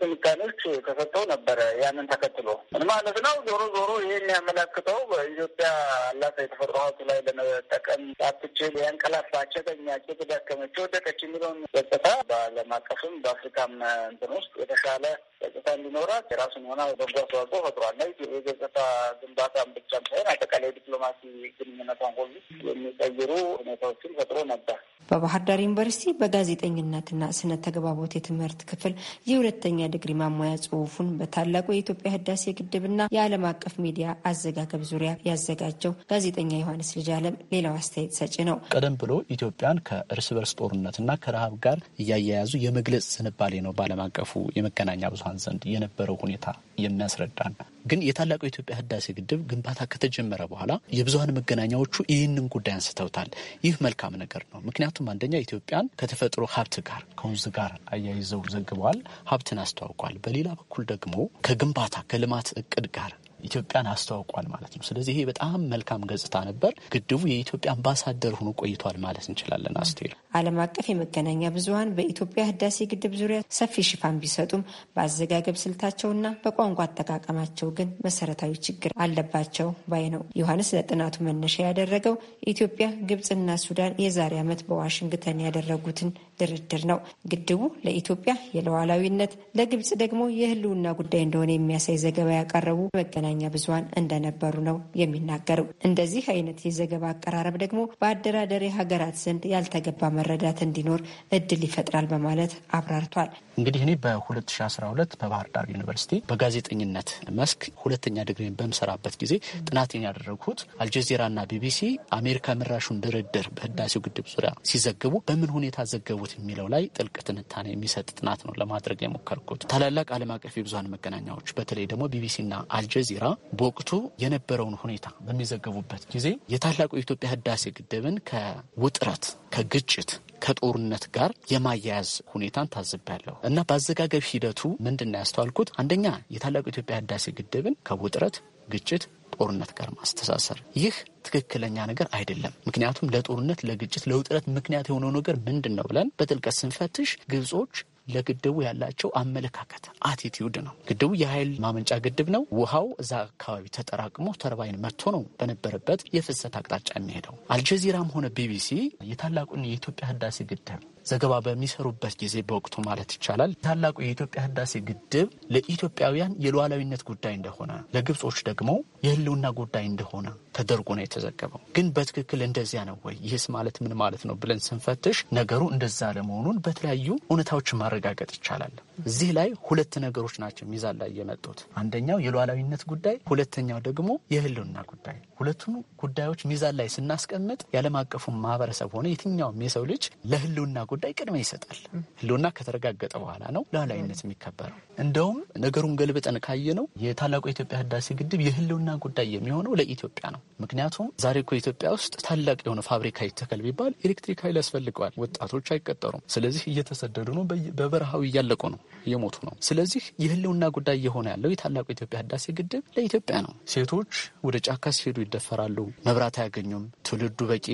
ትንታኔዎች ተሰጥተው ነበረ። ያንን ተከትሎ ምን ማለት ነው? ዞሮ ዞሮ ይህን ያመላክተው በኢትዮጵያ ያላት የተፈጥሮ ሀብት ላይ ለመጠቀም አትችል ያንቀላፋቸው ተኛቸው የተዳከመች፣ ወደቀች የሚለውን ገጽታ በዓለም አቀፍም በአፍሪካም እንትን ውስጥ የተሻለ ገጽታ እንዲኖራት የራሱን ሆነ በጎ አስተዋጽኦ ፈጥሯል። ና የገጽታ ግንባታን ብቻም ሳይሆን አጠቃላይ ዲፕሎማሲ ግንኙነቷን ሁሉ የሚቀይሩ ሁኔታዎችን ፈጥሮ ነበር። በባህር ዳር ዩኒቨርሲቲ በጋዜጠኝነትና ስነ ተግባቦት የትምህርት ክፍል የሁለተኛ ዲግሪ ማሟያ ጽሁፉን በታላቁ የኢትዮጵያ ህዳሴ ግድብና የዓለም አቀፍ ሚዲያ አዘጋገብ ዙሪያ ያዘጋጀው ጋዜጠኛ ዮሐንስ ልጅ አለም ሌላው አስተያየት ሰጪ ነው። ቀደም ብሎ ኢትዮጵያን ከእርስ በርስ ጦርነትና ከረሃብ ጋር እያያያዙ የመግለጽ ዝንባሌ ነው በዓለም አቀፉ የመገናኛ ብዙሀን ዘንድ የነበረው ሁኔታ የሚያስረዳን ግን የታላቁ የኢትዮጵያ ህዳሴ ግድብ ግንባታ ከተጀመረ በኋላ የብዙሀን መገናኛዎቹ ይህንን ጉዳይ አንስተውታል። ይህ መልካም ነገር ነው። ምክንያቱም አንደኛ ኢትዮጵያን ከተፈጥሮ ሀብት ጋር ከወንዝ ጋር አያይዘው ዘግበዋል፣ ሀብትን አስተዋውቋል። በሌላ በኩል ደግሞ ከግንባታ ከልማት እቅድ ጋር ኢትዮጵያን አስተዋውቋል ማለት ነው። ስለዚህ ይሄ በጣም መልካም ገጽታ ነበር። ግድቡ የኢትዮጵያ አምባሳደር ሆኖ ቆይቷል ማለት እንችላለን። አስቴር፣ ዓለም አቀፍ የመገናኛ ብዙኃን በኢትዮጵያ ህዳሴ ግድብ ዙሪያ ሰፊ ሽፋን ቢሰጡም በአዘጋገብ ስልታቸውና በቋንቋ አጠቃቀማቸው ግን መሰረታዊ ችግር አለባቸው ባይ ነው። ዮሐንስ ለጥናቱ መነሻ ያደረገው ኢትዮጵያ፣ ግብጽና ሱዳን የዛሬ ዓመት በዋሽንግተን ያደረጉትን ድርድር ነው። ግድቡ ለኢትዮጵያ የሉዓላዊነት ለግብጽ ደግሞ የህልውና ጉዳይ እንደሆነ የሚያሳይ ዘገባ ያቀረቡ መገናኛ ብዙሀን እንደነበሩ ነው የሚናገረው። እንደዚህ አይነት የዘገባ አቀራረብ ደግሞ በአደራደሪ ሀገራት ዘንድ ያልተገባ መረዳት እንዲኖር እድል ይፈጥራል በማለት አብራርቷል። እንግዲህ እኔ በ2012 በባህር ዳር ዩኒቨርሲቲ በጋዜጠኝነት መስክ ሁለተኛ ድግሪ በምሰራበት ጊዜ ጥናቴን ያደረግኩት አልጀዚራና ቢቢሲ አሜሪካ ምራሹን ድርድር በህዳሴው ግድብ ዙሪያ ሲዘግቡ በምን ሁኔታ ዘገቡት አድራጎት የሚለው ላይ ጥልቅ ትንታኔ የሚሰጥ ጥናት ነው ለማድረግ የሞከርኩት። ታላላቅ ዓለም አቀፍ የብዙሀን መገናኛዎች በተለይ ደግሞ ቢቢሲና አልጀዚራ በወቅቱ የነበረውን ሁኔታ በሚዘገቡበት ጊዜ የታላቁ የኢትዮጵያ ህዳሴ ግድብን ከውጥረት ከግጭት ከጦርነት ጋር የማያያዝ ሁኔታን ታዝቤያለሁ እና በአዘጋገብ ሂደቱ ምንድን ነው ያስተዋልኩት? አንደኛ የታላቁ ኢትዮጵያ ህዳሴ ግድብን ከውጥረት ግጭት ከጦርነት ጋር ማስተሳሰር ይህ ትክክለኛ ነገር አይደለም። ምክንያቱም ለጦርነት፣ ለግጭት፣ ለውጥረት ምክንያት የሆነው ነገር ምንድን ነው ብለን በጥልቀት ስንፈትሽ ግብጾች ለግድቡ ያላቸው አመለካከት አቲቲዩድ ነው። ግድቡ የኃይል ማመንጫ ግድብ ነው። ውሃው እዛ አካባቢ ተጠራቅሞ ተርባይን መጥቶ ነው በነበረበት የፍሰት አቅጣጫ የሚሄደው። አልጀዚራም ሆነ ቢቢሲ የታላቁን የኢትዮጵያ ህዳሴ ግድብ ዘገባ በሚሰሩበት ጊዜ በወቅቱ ማለት ይቻላል ታላቁ የኢትዮጵያ ህዳሴ ግድብ ለኢትዮጵያውያን የሉዓላዊነት ጉዳይ እንደሆነ፣ ለግብጾች ደግሞ የህልውና ጉዳይ እንደሆነ ተደርጎ ነው የተዘገበው። ግን በትክክል እንደዚያ ነው ወይ? ይህስ ማለት ምን ማለት ነው ብለን ስንፈትሽ ነገሩ እንደዛ ለመሆኑን በተለያዩ እውነታዎች ማረጋገጥ ይቻላል። እዚህ ላይ ሁለት ነገሮች ናቸው ሚዛን ላይ የመጡት። አንደኛው የሉዓላዊነት ጉዳይ፣ ሁለተኛው ደግሞ የህልውና ጉዳይ ሁለቱም ጉዳዮች ሚዛን ላይ ስናስቀምጥ የዓለም አቀፉ ማህበረሰብ ሆነ የትኛውም የሰው ልጅ ለህልውና ጉዳይ ቅድሚያ ይሰጣል። ህልውና ከተረጋገጠ በኋላ ነው ሉዓላዊነት የሚከበረው። እንደውም ነገሩን ገልብጠን ካየነው የታላቁ የኢትዮጵያ ህዳሴ ግድብ የህልውና ጉዳይ የሚሆነው ለኢትዮጵያ ነው። ምክንያቱም ዛሬ እኮ ኢትዮጵያ ውስጥ ታላቅ የሆነ ፋብሪካ ይተከል ቢባል ኤሌክትሪክ ኃይል ያስፈልገዋል። ወጣቶች አይቀጠሩም። ስለዚህ እየተሰደዱ ነው። በበረሃው እያለቁ ነው፣ እየሞቱ ነው። ስለዚህ የህልውና ጉዳይ የሆነ ያለው የታላቁ የኢትዮጵያ ህዳሴ ግድብ ለኢትዮጵያ ነው። ሴቶች ወደ ጫካ ሲሄዱ ይደፈራሉ፣ መብራት አያገኙም። ትውልዱ በቂ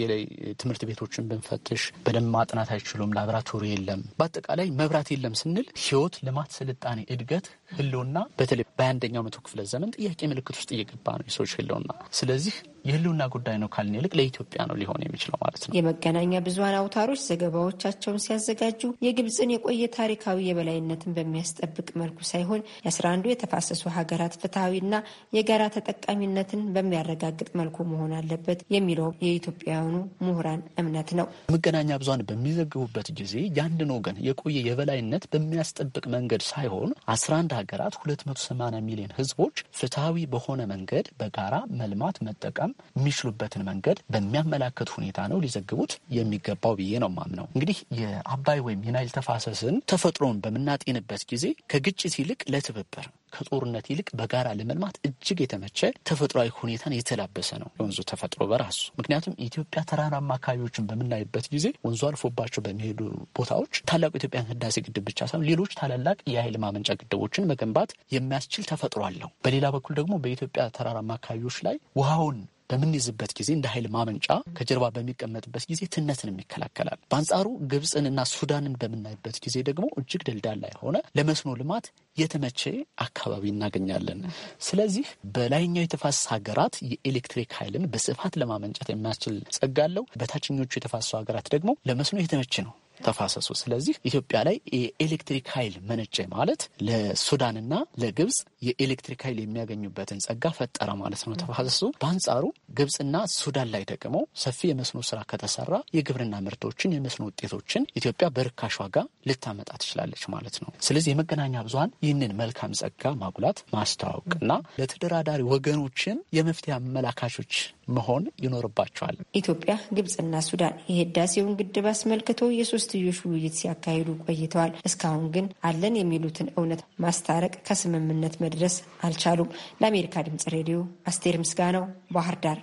ትምህርት ቤቶችን ብንፈትሽ በደንብ ማጥናት አይችሉም፣ ላብራቶሪ የለም። በአጠቃላይ መብራት የለም ስንል ህይወት፣ ልማት፣ ስልጣኔ፣ እድገት፣ ህልውና በተለይ በአንደኛው መቶ ክፍለ ዘመን ጥያቄ ምልክት ውስጥ እየገባ ነው የሰዎች ህልውና። ስለዚህ የህልውና ጉዳይ ነው ካልን ይልቅ ለኢትዮጵያ ነው ሊሆን የሚችለው ማለት ነው። የመገናኛ ብዙሀን አውታሮች ዘገባዎቻቸውን ሲያዘጋጁ የግብፅን የቆየ ታሪካዊ የበላይነትን በሚያስጠብቅ መልኩ ሳይሆን የአስራ አንዱ የተፋሰሱ ሀገራት ፍትሐዊና የጋራ ተጠቃሚነትን በሚያረጋግጥ መልኩ መሆን አለበት የሚለው የኢትዮጵያውያኑ ምሁራን እምነት ነው። መገናኛ ብዙሀን በሚዘግቡበት ጊዜ የአንድን ወገን የቆየ የበላይነት በሚያስጠብቅ መንገድ ሳይሆን አስራ አንድ ሀገራት 280 ሚሊዮን ህዝቦች ፍትሐዊ በሆነ መንገድ በጋራ መልማት፣ መጠቀም የሚችሉበትን መንገድ በሚያመላክት ሁኔታ ነው ሊዘግቡት የሚገባው ብዬ ነው ማምነው። እንግዲህ የአባይ ወይም የናይል ተፋሰስን ተፈጥሮን በምናጤንበት ጊዜ ከግጭት ይልቅ ለትብብር ከጦርነት ይልቅ በጋራ ለመልማት እጅግ የተመቸ ተፈጥሯዊ ሁኔታን የተላበሰ ነው የወንዙ ተፈጥሮ በራሱ። ምክንያቱም ኢትዮጵያ ተራራማ አካባቢዎችን በምናይበት ጊዜ ወንዙ አልፎባቸው በሚሄዱ ቦታዎች ታላቁ ኢትዮጵያን ህዳሴ ግድብ ብቻ ሳይሆን ሌሎች ታላላቅ የኃይል ማመንጫ ግድቦችን መገንባት የሚያስችል ተፈጥሮ አለው። በሌላ በኩል ደግሞ በኢትዮጵያ ተራራማ አካባቢዎች ላይ ውሃውን በምንይዝበት ጊዜ እንደ ኃይል ማመንጫ ከጀርባ በሚቀመጥበት ጊዜ ትነትን ይከላከላል። በአንጻሩ ግብፅንና ሱዳንን በምናይበት ጊዜ ደግሞ እጅግ ደልዳላ የሆነ ለመስኖ ልማት የተመቸ አካባቢ እናገኛለን። ስለዚህ በላይኛው የተፋሰስ ሀገራት የኤሌክትሪክ ኃይልን በስፋት ለማመንጨት የሚያስችል ጸጋ አለው። በታችኞቹ የተፋሰሱ ሀገራት ደግሞ ለመስኖ የተመቸ ነው። ተፋሰሱ። ስለዚህ ኢትዮጵያ ላይ የኤሌክትሪክ ኃይል መነጨ ማለት ለሱዳንና ለግብጽ የኤሌክትሪክ ኃይል የሚያገኙበትን ጸጋ ፈጠረ ማለት ነው ተፋሰሱ። በአንጻሩ ግብጽና ሱዳን ላይ ደግሞ ሰፊ የመስኖ ስራ ከተሰራ የግብርና ምርቶችን የመስኖ ውጤቶችን ኢትዮጵያ በርካሽ ዋጋ ልታመጣ ትችላለች ማለት ነው። ስለዚህ የመገናኛ ብዙሀን ይህንን መልካም ጸጋ ማጉላት ማስተዋወቅ እና ለተደራዳሪ ወገኖችን የመፍትሄ አመላካቾች መሆን ይኖርባቸዋል። ኢትዮጵያ፣ ግብጽና ሱዳን የህዳሴውን ግድብ አስመልክቶ የሶስት የሶስትዮሽ ውይይት ሲያካሂዱ ቆይተዋል። እስካሁን ግን አለን የሚሉትን እውነት ማስታረቅ ከስምምነት መድረስ አልቻሉም። ለአሜሪካ ድምጽ ሬዲዮ አስቴር ምስጋናው ባህር ዳር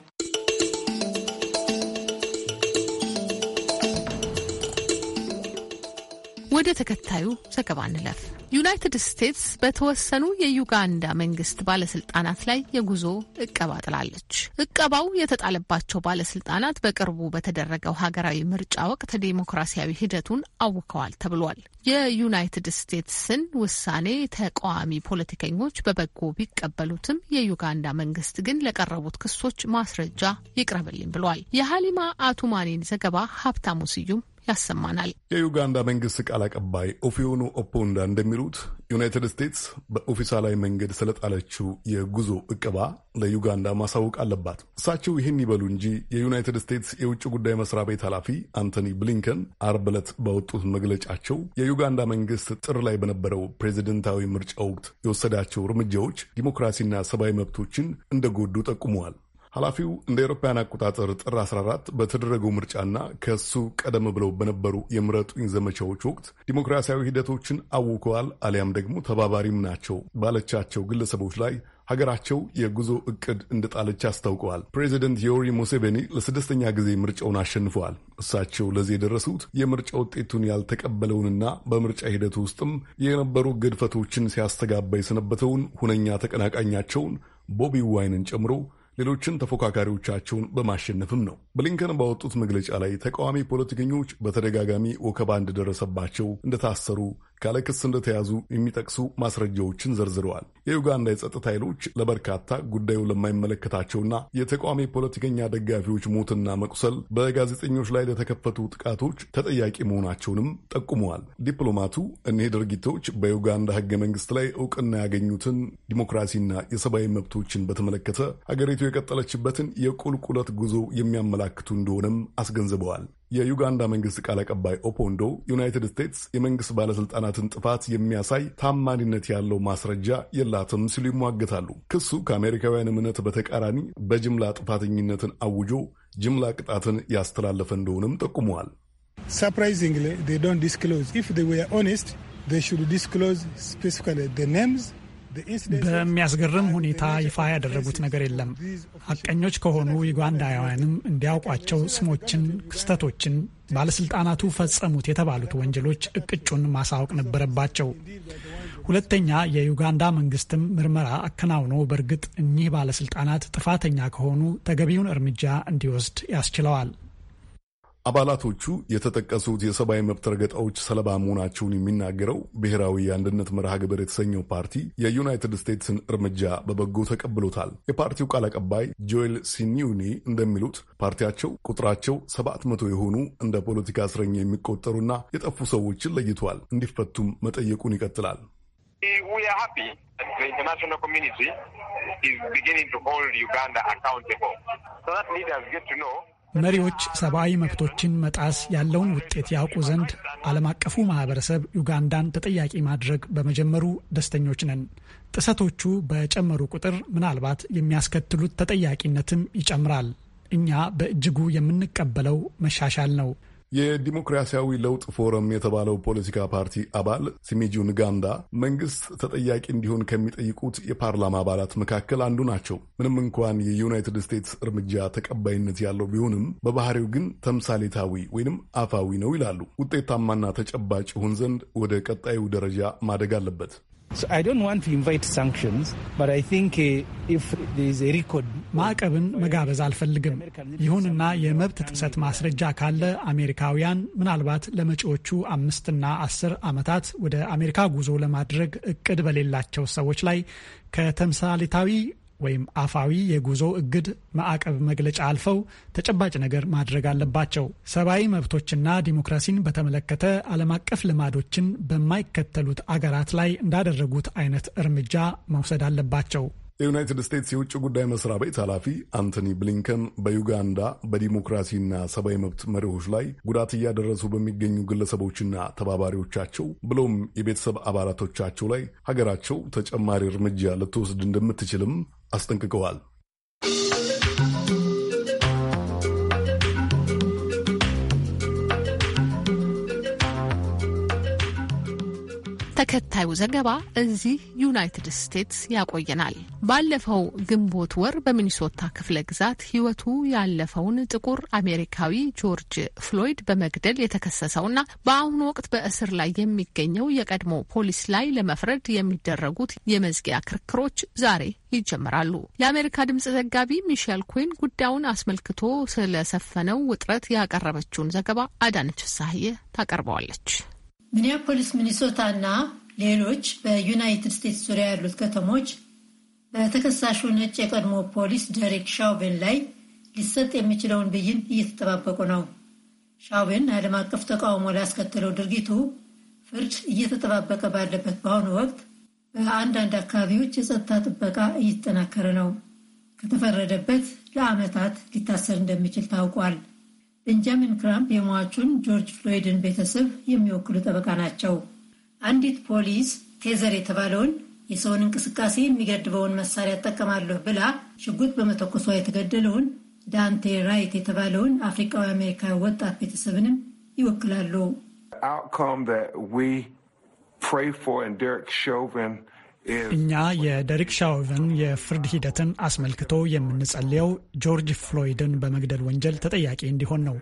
ወደ ተከታዩ ዘገባ እንለፍ። ዩናይትድ ስቴትስ በተወሰኑ የዩጋንዳ መንግስት ባለስልጣናት ላይ የጉዞ እቀባ ጥላለች። እቀባው የተጣለባቸው ባለስልጣናት በቅርቡ በተደረገው ሀገራዊ ምርጫ ወቅት ዴሞክራሲያዊ ሂደቱን አውከዋል ተብሏል። የዩናይትድ ስቴትስን ውሳኔ ተቃዋሚ ፖለቲከኞች በበጎ ቢቀበሉትም የዩጋንዳ መንግስት ግን ለቀረቡት ክሶች ማስረጃ ይቅረብልኝ ብሏል። የሀሊማ አቱማኔን ዘገባ ሀብታሙ ስዩም ያሰማናል። የዩጋንዳ መንግስት ቃል አቀባይ ኦፊዮኑ ኦፖንዳ እንደሚሉት ዩናይትድ ስቴትስ በኦፊሳላዊ መንገድ ስለጣለችው የጉዞ እቅባ ለዩጋንዳ ማሳወቅ አለባት። እሳቸው ይህን ይበሉ እንጂ የዩናይትድ ስቴትስ የውጭ ጉዳይ መስሪያ ቤት ኃላፊ አንቶኒ ብሊንከን አርብ ዕለት ባወጡት መግለጫቸው የዩጋንዳ መንግስት ጥር ላይ በነበረው ፕሬዚደንታዊ ምርጫ ወቅት የወሰዳቸው እርምጃዎች ዲሞክራሲና ሰብአዊ መብቶችን እንደጎዱ ጠቁመዋል። ኃላፊው እንደ ኤሮፓያን አቆጣጠር ጥር 14 በተደረገው ምርጫና ከሱ ቀደም ብለው በነበሩ የምረጡኝ ዘመቻዎች ወቅት ዲሞክራሲያዊ ሂደቶችን አውከዋል አሊያም ደግሞ ተባባሪም ናቸው ባለቻቸው ግለሰቦች ላይ ሀገራቸው የጉዞ እቅድ እንደጣለች አስታውቀዋል። ፕሬዚደንት ዮሪ ሙሴቬኒ ለስድስተኛ ጊዜ ምርጫውን አሸንፈዋል። እሳቸው ለዚህ የደረሱት የምርጫ ውጤቱን ያልተቀበለውንና በምርጫ ሂደቱ ውስጥም የነበሩ ግድፈቶችን ሲያስተጋባ የሰነበተውን ሁነኛ ተቀናቃኛቸውን ቦቢ ዋይንን ጨምሮ ሌሎችን ተፎካካሪዎቻቸውን በማሸነፍም ነው። ብሊንከን ባወጡት መግለጫ ላይ ተቃዋሚ ፖለቲከኞች በተደጋጋሚ ወከባ እንደደረሰባቸው እንደታሰሩ ካለ ክስ እንደተያዙ የሚጠቅሱ ማስረጃዎችን ዘርዝረዋል። የዩጋንዳ የጸጥታ ኃይሎች ለበርካታ ጉዳዩ ለማይመለከታቸውና የተቃዋሚ ፖለቲከኛ ደጋፊዎች ሞትና መቁሰል፣ በጋዜጠኞች ላይ ለተከፈቱ ጥቃቶች ተጠያቂ መሆናቸውንም ጠቁመዋል። ዲፕሎማቱ እኒህ ድርጊቶች በዩጋንዳ ሕገ መንግስት ላይ እውቅና ያገኙትን ዲሞክራሲና የሰብአዊ መብቶችን በተመለከተ ሀገሪቱ የቀጠለችበትን የቁልቁለት ጉዞ የሚያመላክቱ እንደሆነም አስገንዝበዋል። የዩጋንዳ መንግስት ቃል አቀባይ ኦፖንዶ ዩናይትድ ስቴትስ የመንግስት ባለስልጣናትን ጥፋት የሚያሳይ ታማኒነት ያለው ማስረጃ የላትም ሲሉ ይሟገታሉ። ክሱ ከአሜሪካውያን እምነት በተቃራኒ በጅምላ ጥፋተኝነትን አውጆ ጅምላ ቅጣትን ያስተላለፈ እንደሆነም ጠቁመዋል። ሰርፕራይዚንግሊ ዶንት ዲስክሎዝ ኢፍ ዌር ኦኔስት ሹድ ዲስክሎዝ ስፔሲፊካሊ ኔምስ በሚያስገርም ሁኔታ ይፋ ያደረጉት ነገር የለም። ሀቀኞች ከሆኑ ዩጋንዳውያንም እንዲያውቋቸው ስሞችን፣ ክስተቶችን፣ ባለሥልጣናቱ ፈጸሙት የተባሉት ወንጀሎች እቅጩን ማሳወቅ ነበረባቸው። ሁለተኛ የዩጋንዳ መንግስትም ምርመራ አከናውኖ በእርግጥ እኚህ ባለስልጣናት ጥፋተኛ ከሆኑ ተገቢውን እርምጃ እንዲወስድ ያስችለዋል። አባላቶቹ የተጠቀሱት የሰብአዊ መብት ረገጣዎች ሰለባ መሆናቸውን የሚናገረው ብሔራዊ የአንድነት መርሃ ግብር የተሰኘው ፓርቲ የዩናይትድ ስቴትስን እርምጃ በበጎ ተቀብሎታል። የፓርቲው ቃል አቀባይ ጆኤል ሲኒውኒ እንደሚሉት ፓርቲያቸው ቁጥራቸው ሰባት መቶ የሆኑ እንደ ፖለቲካ እስረኛ የሚቆጠሩና የጠፉ ሰዎችን ለይተዋል፣ እንዲፈቱም መጠየቁን ይቀጥላል። መሪዎች ሰብአዊ መብቶችን መጣስ ያለውን ውጤት ያውቁ ዘንድ ዓለም አቀፉ ማህበረሰብ ዩጋንዳን ተጠያቂ ማድረግ በመጀመሩ ደስተኞች ነን። ጥሰቶቹ በጨመሩ ቁጥር ምናልባት የሚያስከትሉት ተጠያቂነትም ይጨምራል። እኛ በእጅጉ የምንቀበለው መሻሻል ነው። የዲሞክራሲያዊ ለውጥ ፎረም የተባለው ፖለቲካ ፓርቲ አባል ሲሚጂን ንጋንዳ መንግስት ተጠያቂ እንዲሆን ከሚጠይቁት የፓርላማ አባላት መካከል አንዱ ናቸው። ምንም እንኳን የዩናይትድ ስቴትስ እርምጃ ተቀባይነት ያለው ቢሆንም በባህሪው ግን ተምሳሌታዊ ወይንም አፋዊ ነው ይላሉ። ውጤታማና ተጨባጭ ይሆን ዘንድ ወደ ቀጣዩ ደረጃ ማደግ አለበት። Eh, ማዕቀብን መጋበዝ አልፈልግም። ይሁንና የመብት ጥሰት ማስረጃ ካለ አሜሪካውያን ምናልባት ለመጪዎቹ አምስትና አስር ዓመታት ወደ አሜሪካ ጉዞ ለማድረግ እቅድ በሌላቸው ሰዎች ላይ ከተምሳሌታዊ ወይም አፋዊ የጉዞ እግድ ማዕቀብ መግለጫ አልፈው ተጨባጭ ነገር ማድረግ አለባቸው። ሰብአዊ መብቶችና ዲሞክራሲን በተመለከተ ዓለም አቀፍ ልማዶችን በማይከተሉት አገራት ላይ እንዳደረጉት አይነት እርምጃ መውሰድ አለባቸው። የዩናይትድ ስቴትስ የውጭ ጉዳይ መስሪያ ቤት ኃላፊ አንቶኒ ብሊንከን በዩጋንዳ በዲሞክራሲና ሰብአዊ መብት መሪዎች ላይ ጉዳት እያደረሱ በሚገኙ ግለሰቦችና ተባባሪዎቻቸው ብሎም የቤተሰብ አባላቶቻቸው ላይ ሀገራቸው ተጨማሪ እርምጃ ልትወስድ እንደምትችልም አስጠንቅቀዋል። ተከታዩ ዘገባ እዚህ ዩናይትድ ስቴትስ ያቆየናል። ባለፈው ግንቦት ወር በሚኒሶታ ክፍለ ግዛት ሕይወቱ ያለፈውን ጥቁር አሜሪካዊ ጆርጅ ፍሎይድ በመግደል የተከሰሰውና በአሁኑ ወቅት በእስር ላይ የሚገኘው የቀድሞ ፖሊስ ላይ ለመፍረድ የሚደረጉት የመዝጊያ ክርክሮች ዛሬ ይጀምራሉ። የአሜሪካ ድምጽ ዘጋቢ ሚሼል ኩዊን ጉዳዩን አስመልክቶ ስለሰፈነው ውጥረት ያቀረበችውን ዘገባ አዳነች ሳህዬ ታቀርበዋለች። ሚኒያፖሊስ፣ ሚኒሶታ እና ሌሎች በዩናይትድ ስቴትስ ዙሪያ ያሉት ከተሞች በተከሳሹ ነጭ የቀድሞ ፖሊስ ደሪክ ሻውቬን ላይ ሊሰጥ የሚችለውን ብይን እየተጠባበቁ ነው። ሻውቬን ዓለም አቀፍ ተቃውሞ ላስከተለው ድርጊቱ ፍርድ እየተጠባበቀ ባለበት በአሁኑ ወቅት በአንዳንድ አካባቢዎች የጸጥታ ጥበቃ እየተጠናከረ ነው። ከተፈረደበት ለዓመታት ሊታሰር እንደሚችል ታውቋል። ቤንጃሚን ክራምፕ የሟቹን ጆርጅ ፍሎይድን ቤተሰብ የሚወክሉ ጠበቃ ናቸው። አንዲት ፖሊስ ቴዘር የተባለውን የሰውን እንቅስቃሴ የሚገድበውን መሳሪያ እጠቀማለሁ ብላ ሽጉጥ በመተኮሷ የተገደለውን ዳንቴ ራይት የተባለውን አፍሪካዊ አሜሪካዊ ወጣት ቤተሰብንም ይወክላሉ። እኛ የደሪክ ሻውቨን የፍርድ ሂደትን አስመልክቶ የምንጸልየው ጆርጅ ፍሎይድን በመግደል ወንጀል ተጠያቂ እንዲሆን ነው።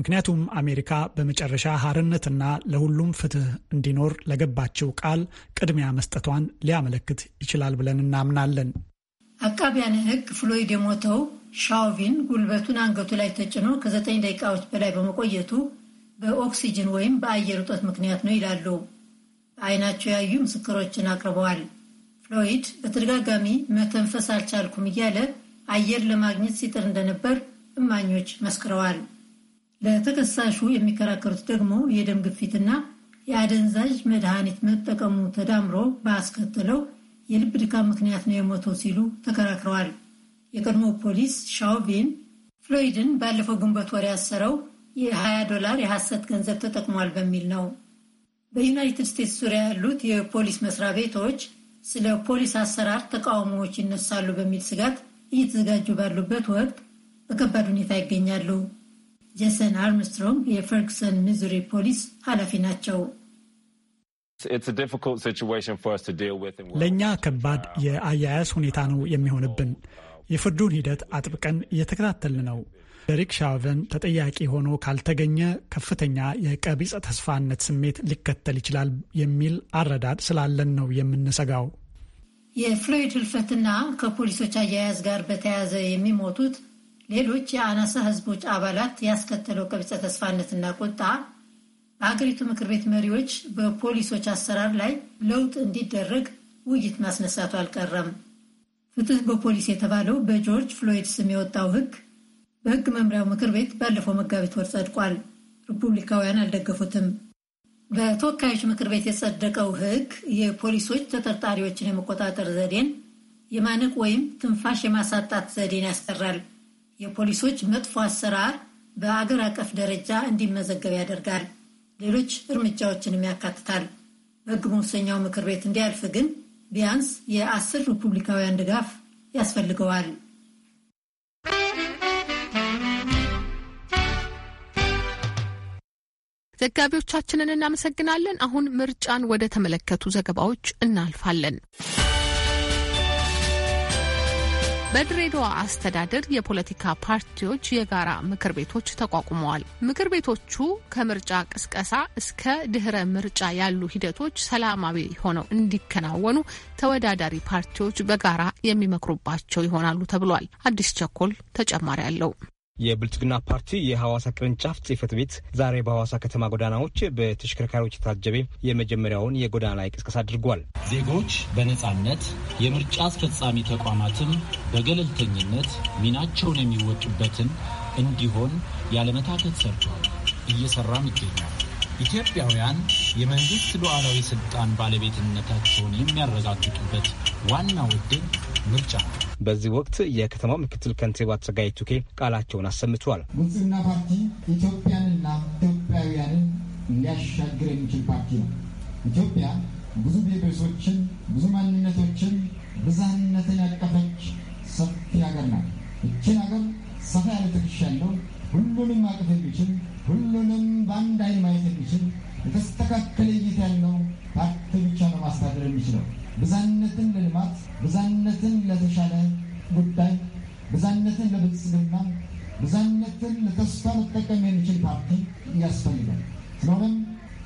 ምክንያቱም አሜሪካ በመጨረሻ ሀርነትና ለሁሉም ፍትህ እንዲኖር ለገባችው ቃል ቅድሚያ መስጠቷን ሊያመለክት ይችላል ብለን እናምናለን። አቃቢያነ ሕግ ፍሎይድ የሞተው ሻውቪን ጉልበቱን አንገቱ ላይ ተጭኖ ከዘጠኝ ደቂቃዎች በላይ በመቆየቱ በኦክሲጅን ወይም በአየር እጦት ምክንያት ነው ይላሉ። በአይናቸው ያዩ ምስክሮችን አቅርበዋል። ፍሎይድ በተደጋጋሚ መተንፈስ አልቻልኩም እያለ አየር ለማግኘት ሲጥር እንደነበር እማኞች መስክረዋል። ለተከሳሹ የሚከራከሩት ደግሞ የደም ግፊትና የአደንዛዥ መድኃኒት መጠቀሙ ተዳምሮ ባስከተለው የልብ ድካም ምክንያት ነው የሞተው ሲሉ ተከራክረዋል። የቀድሞ ፖሊስ ሻውቪን ፍሎይድን ባለፈው ግንቦት ወር ያሰረው የ20 ዶላር የሐሰት ገንዘብ ተጠቅሟል በሚል ነው። በዩናይትድ ስቴትስ ዙሪያ ያሉት የፖሊስ መስሪያ ቤቶች ስለ ፖሊስ አሰራር ተቃውሞዎች ይነሳሉ በሚል ስጋት እየተዘጋጁ ባሉበት ወቅት በከባድ ሁኔታ ይገኛሉ። ጄሰን አርምስትሮንግ የፈርግሰን ሚዙሪ ፖሊስ ኃላፊ ናቸው። ለእኛ ከባድ የአያያዝ ሁኔታ ነው የሚሆንብን። የፍርዱን ሂደት አጥብቀን እየተከታተልን ነው። ደሪክ ሻቨን ተጠያቂ ሆኖ ካልተገኘ ከፍተኛ የቀቢጸ ተስፋነት ስሜት ሊከተል ይችላል የሚል አረዳድ ስላለን ነው የምንሰጋው። የፍሎይድ ህልፈትና ከፖሊሶች አያያዝ ጋር በተያያዘ የሚሞቱት ሌሎች የአናሳ ህዝቦች አባላት ያስከተለው ቀቢጸ ተስፋነትና ቁጣ በሀገሪቱ ምክር ቤት መሪዎች በፖሊሶች አሰራር ላይ ለውጥ እንዲደረግ ውይይት ማስነሳቱ አልቀረም። ፍትህ በፖሊስ የተባለው በጆርጅ ፍሎይድ ስም የወጣው ህግ በሕግ መምሪያው ምክር ቤት ባለፈው መጋቢት ወር ጸድቋል። ሪፑብሊካውያን አልደገፉትም። በተወካዮች ምክር ቤት የጸደቀው ሕግ የፖሊሶች ተጠርጣሪዎችን የመቆጣጠር ዘዴን የማነቅ ወይም ትንፋሽ የማሳጣት ዘዴን ያስቀራል። የፖሊሶች መጥፎ አሰራር በአገር አቀፍ ደረጃ እንዲመዘገብ ያደርጋል። ሌሎች እርምጃዎችንም ያካትታል። በሕግ መወሰኛው ምክር ቤት እንዲያልፍ ግን ቢያንስ የአስር ሪፑብሊካውያን ድጋፍ ያስፈልገዋል። ዘጋቢዎቻችንን እናመሰግናለን። አሁን ምርጫን ወደ ተመለከቱ ዘገባዎች እናልፋለን። በድሬዳዋ አስተዳደር የፖለቲካ ፓርቲዎች የጋራ ምክር ቤቶች ተቋቁመዋል። ምክር ቤቶቹ ከምርጫ ቅስቀሳ እስከ ድህረ ምርጫ ያሉ ሂደቶች ሰላማዊ ሆነው እንዲከናወኑ ተወዳዳሪ ፓርቲዎች በጋራ የሚመክሩባቸው ይሆናሉ ተብሏል። አዲስ ቸኮል ተጨማሪ አለው። የብልጽግና ፓርቲ የሐዋሳ ቅርንጫፍ ጽህፈት ቤት ዛሬ በሐዋሳ ከተማ ጎዳናዎች በተሽከርካሪዎች የታጀበ የመጀመሪያውን የጎዳና ላይ ቅስቀሳ አድርጓል። ዜጎች በነጻነት የምርጫ አስፈጻሚ ተቋማትም በገለልተኝነት ሚናቸውን የሚወጡበትን እንዲሆን ያለመታከት ሰርተዋል፣ እየሰራም ይገኛል። ኢትዮጵያውያን የመንግስት ሉዓላዊ ስልጣን ባለቤትነታቸውን የሚያረጋግጡበት ዋናው ዕድል ምርጫ ነው። በዚህ ወቅት የከተማው ምክትል ከንቲባ ፀጋይ ቱኬ ቃላቸውን አሰምተዋል። ብልጽግና ፓርቲ ኢትዮጵያንና ኢትዮጵያውያንን ሊያሻግር የሚችል ፓርቲ ነው። ኢትዮጵያ ብዙ ብሔረሰቦችን፣ ብዙ ማንነቶችን፣ ብዝሃነትን ያቀፈች ሰፊ ሀገር ናት። ይችን ሀገር ሰፋ ያለ ትከሻ ያለው ሁሉንም አቅፍ የሚችል ሁሉንም በአንድ አይን ማየት የሚችል የተስተካከለ እይታ ያለው ፓርቲ ብቻ ነው ማስታደር የሚችለው። ብዛነትን ለልማት፣ ብዛነትን ለተሻለ ጉዳይ፣ ብዛነትን ለብልጽግና፣ ብዛነትን ለተስፋ መጠቀም የሚችል ፓርቲ ያስፈልጋል። ስለሆነም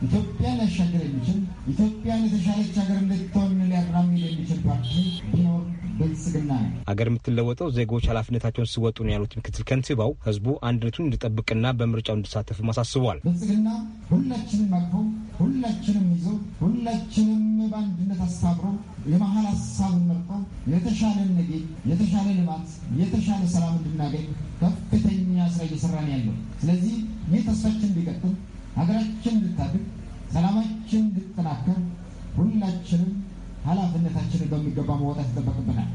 ኢትዮጵያ ሊያሻገር የሚችል ኢትዮጵያን የተሻለች ሀገር እንድትሆን ሊያራምድ የሚችል ፓርቲ ቢኖር ብልጽግና አገር የምትለወጠው ዜጎች ኃላፊነታቸውን ሲወጡ ነው ያሉት ምክትል ከንቲባው ህዝቡ አንድነቱን እንዲጠብቅና በምርጫው እንዲሳተፍ አሳስቧል። ብልጽግና ሁላችንም መግቦ ሁላችንም ይዞ ሁላችንም በአንድነት አስታብሮ የመሀል ሀሳብን መርጦ የተሻለ ነገ፣ የተሻለ ልማት፣ የተሻለ ሰላም እንድናገኝ ከፍተኛ ስራ እየሰራን ያለው። ስለዚህ ይህ ተስፋችን እንዲቀጥል ሀገራችን እንድታድግ፣ ሰላማችን እንድጠናከር ሁላችንም ኃላፊነታችንን በሚገባ መወጣት ይጠበቅብናል።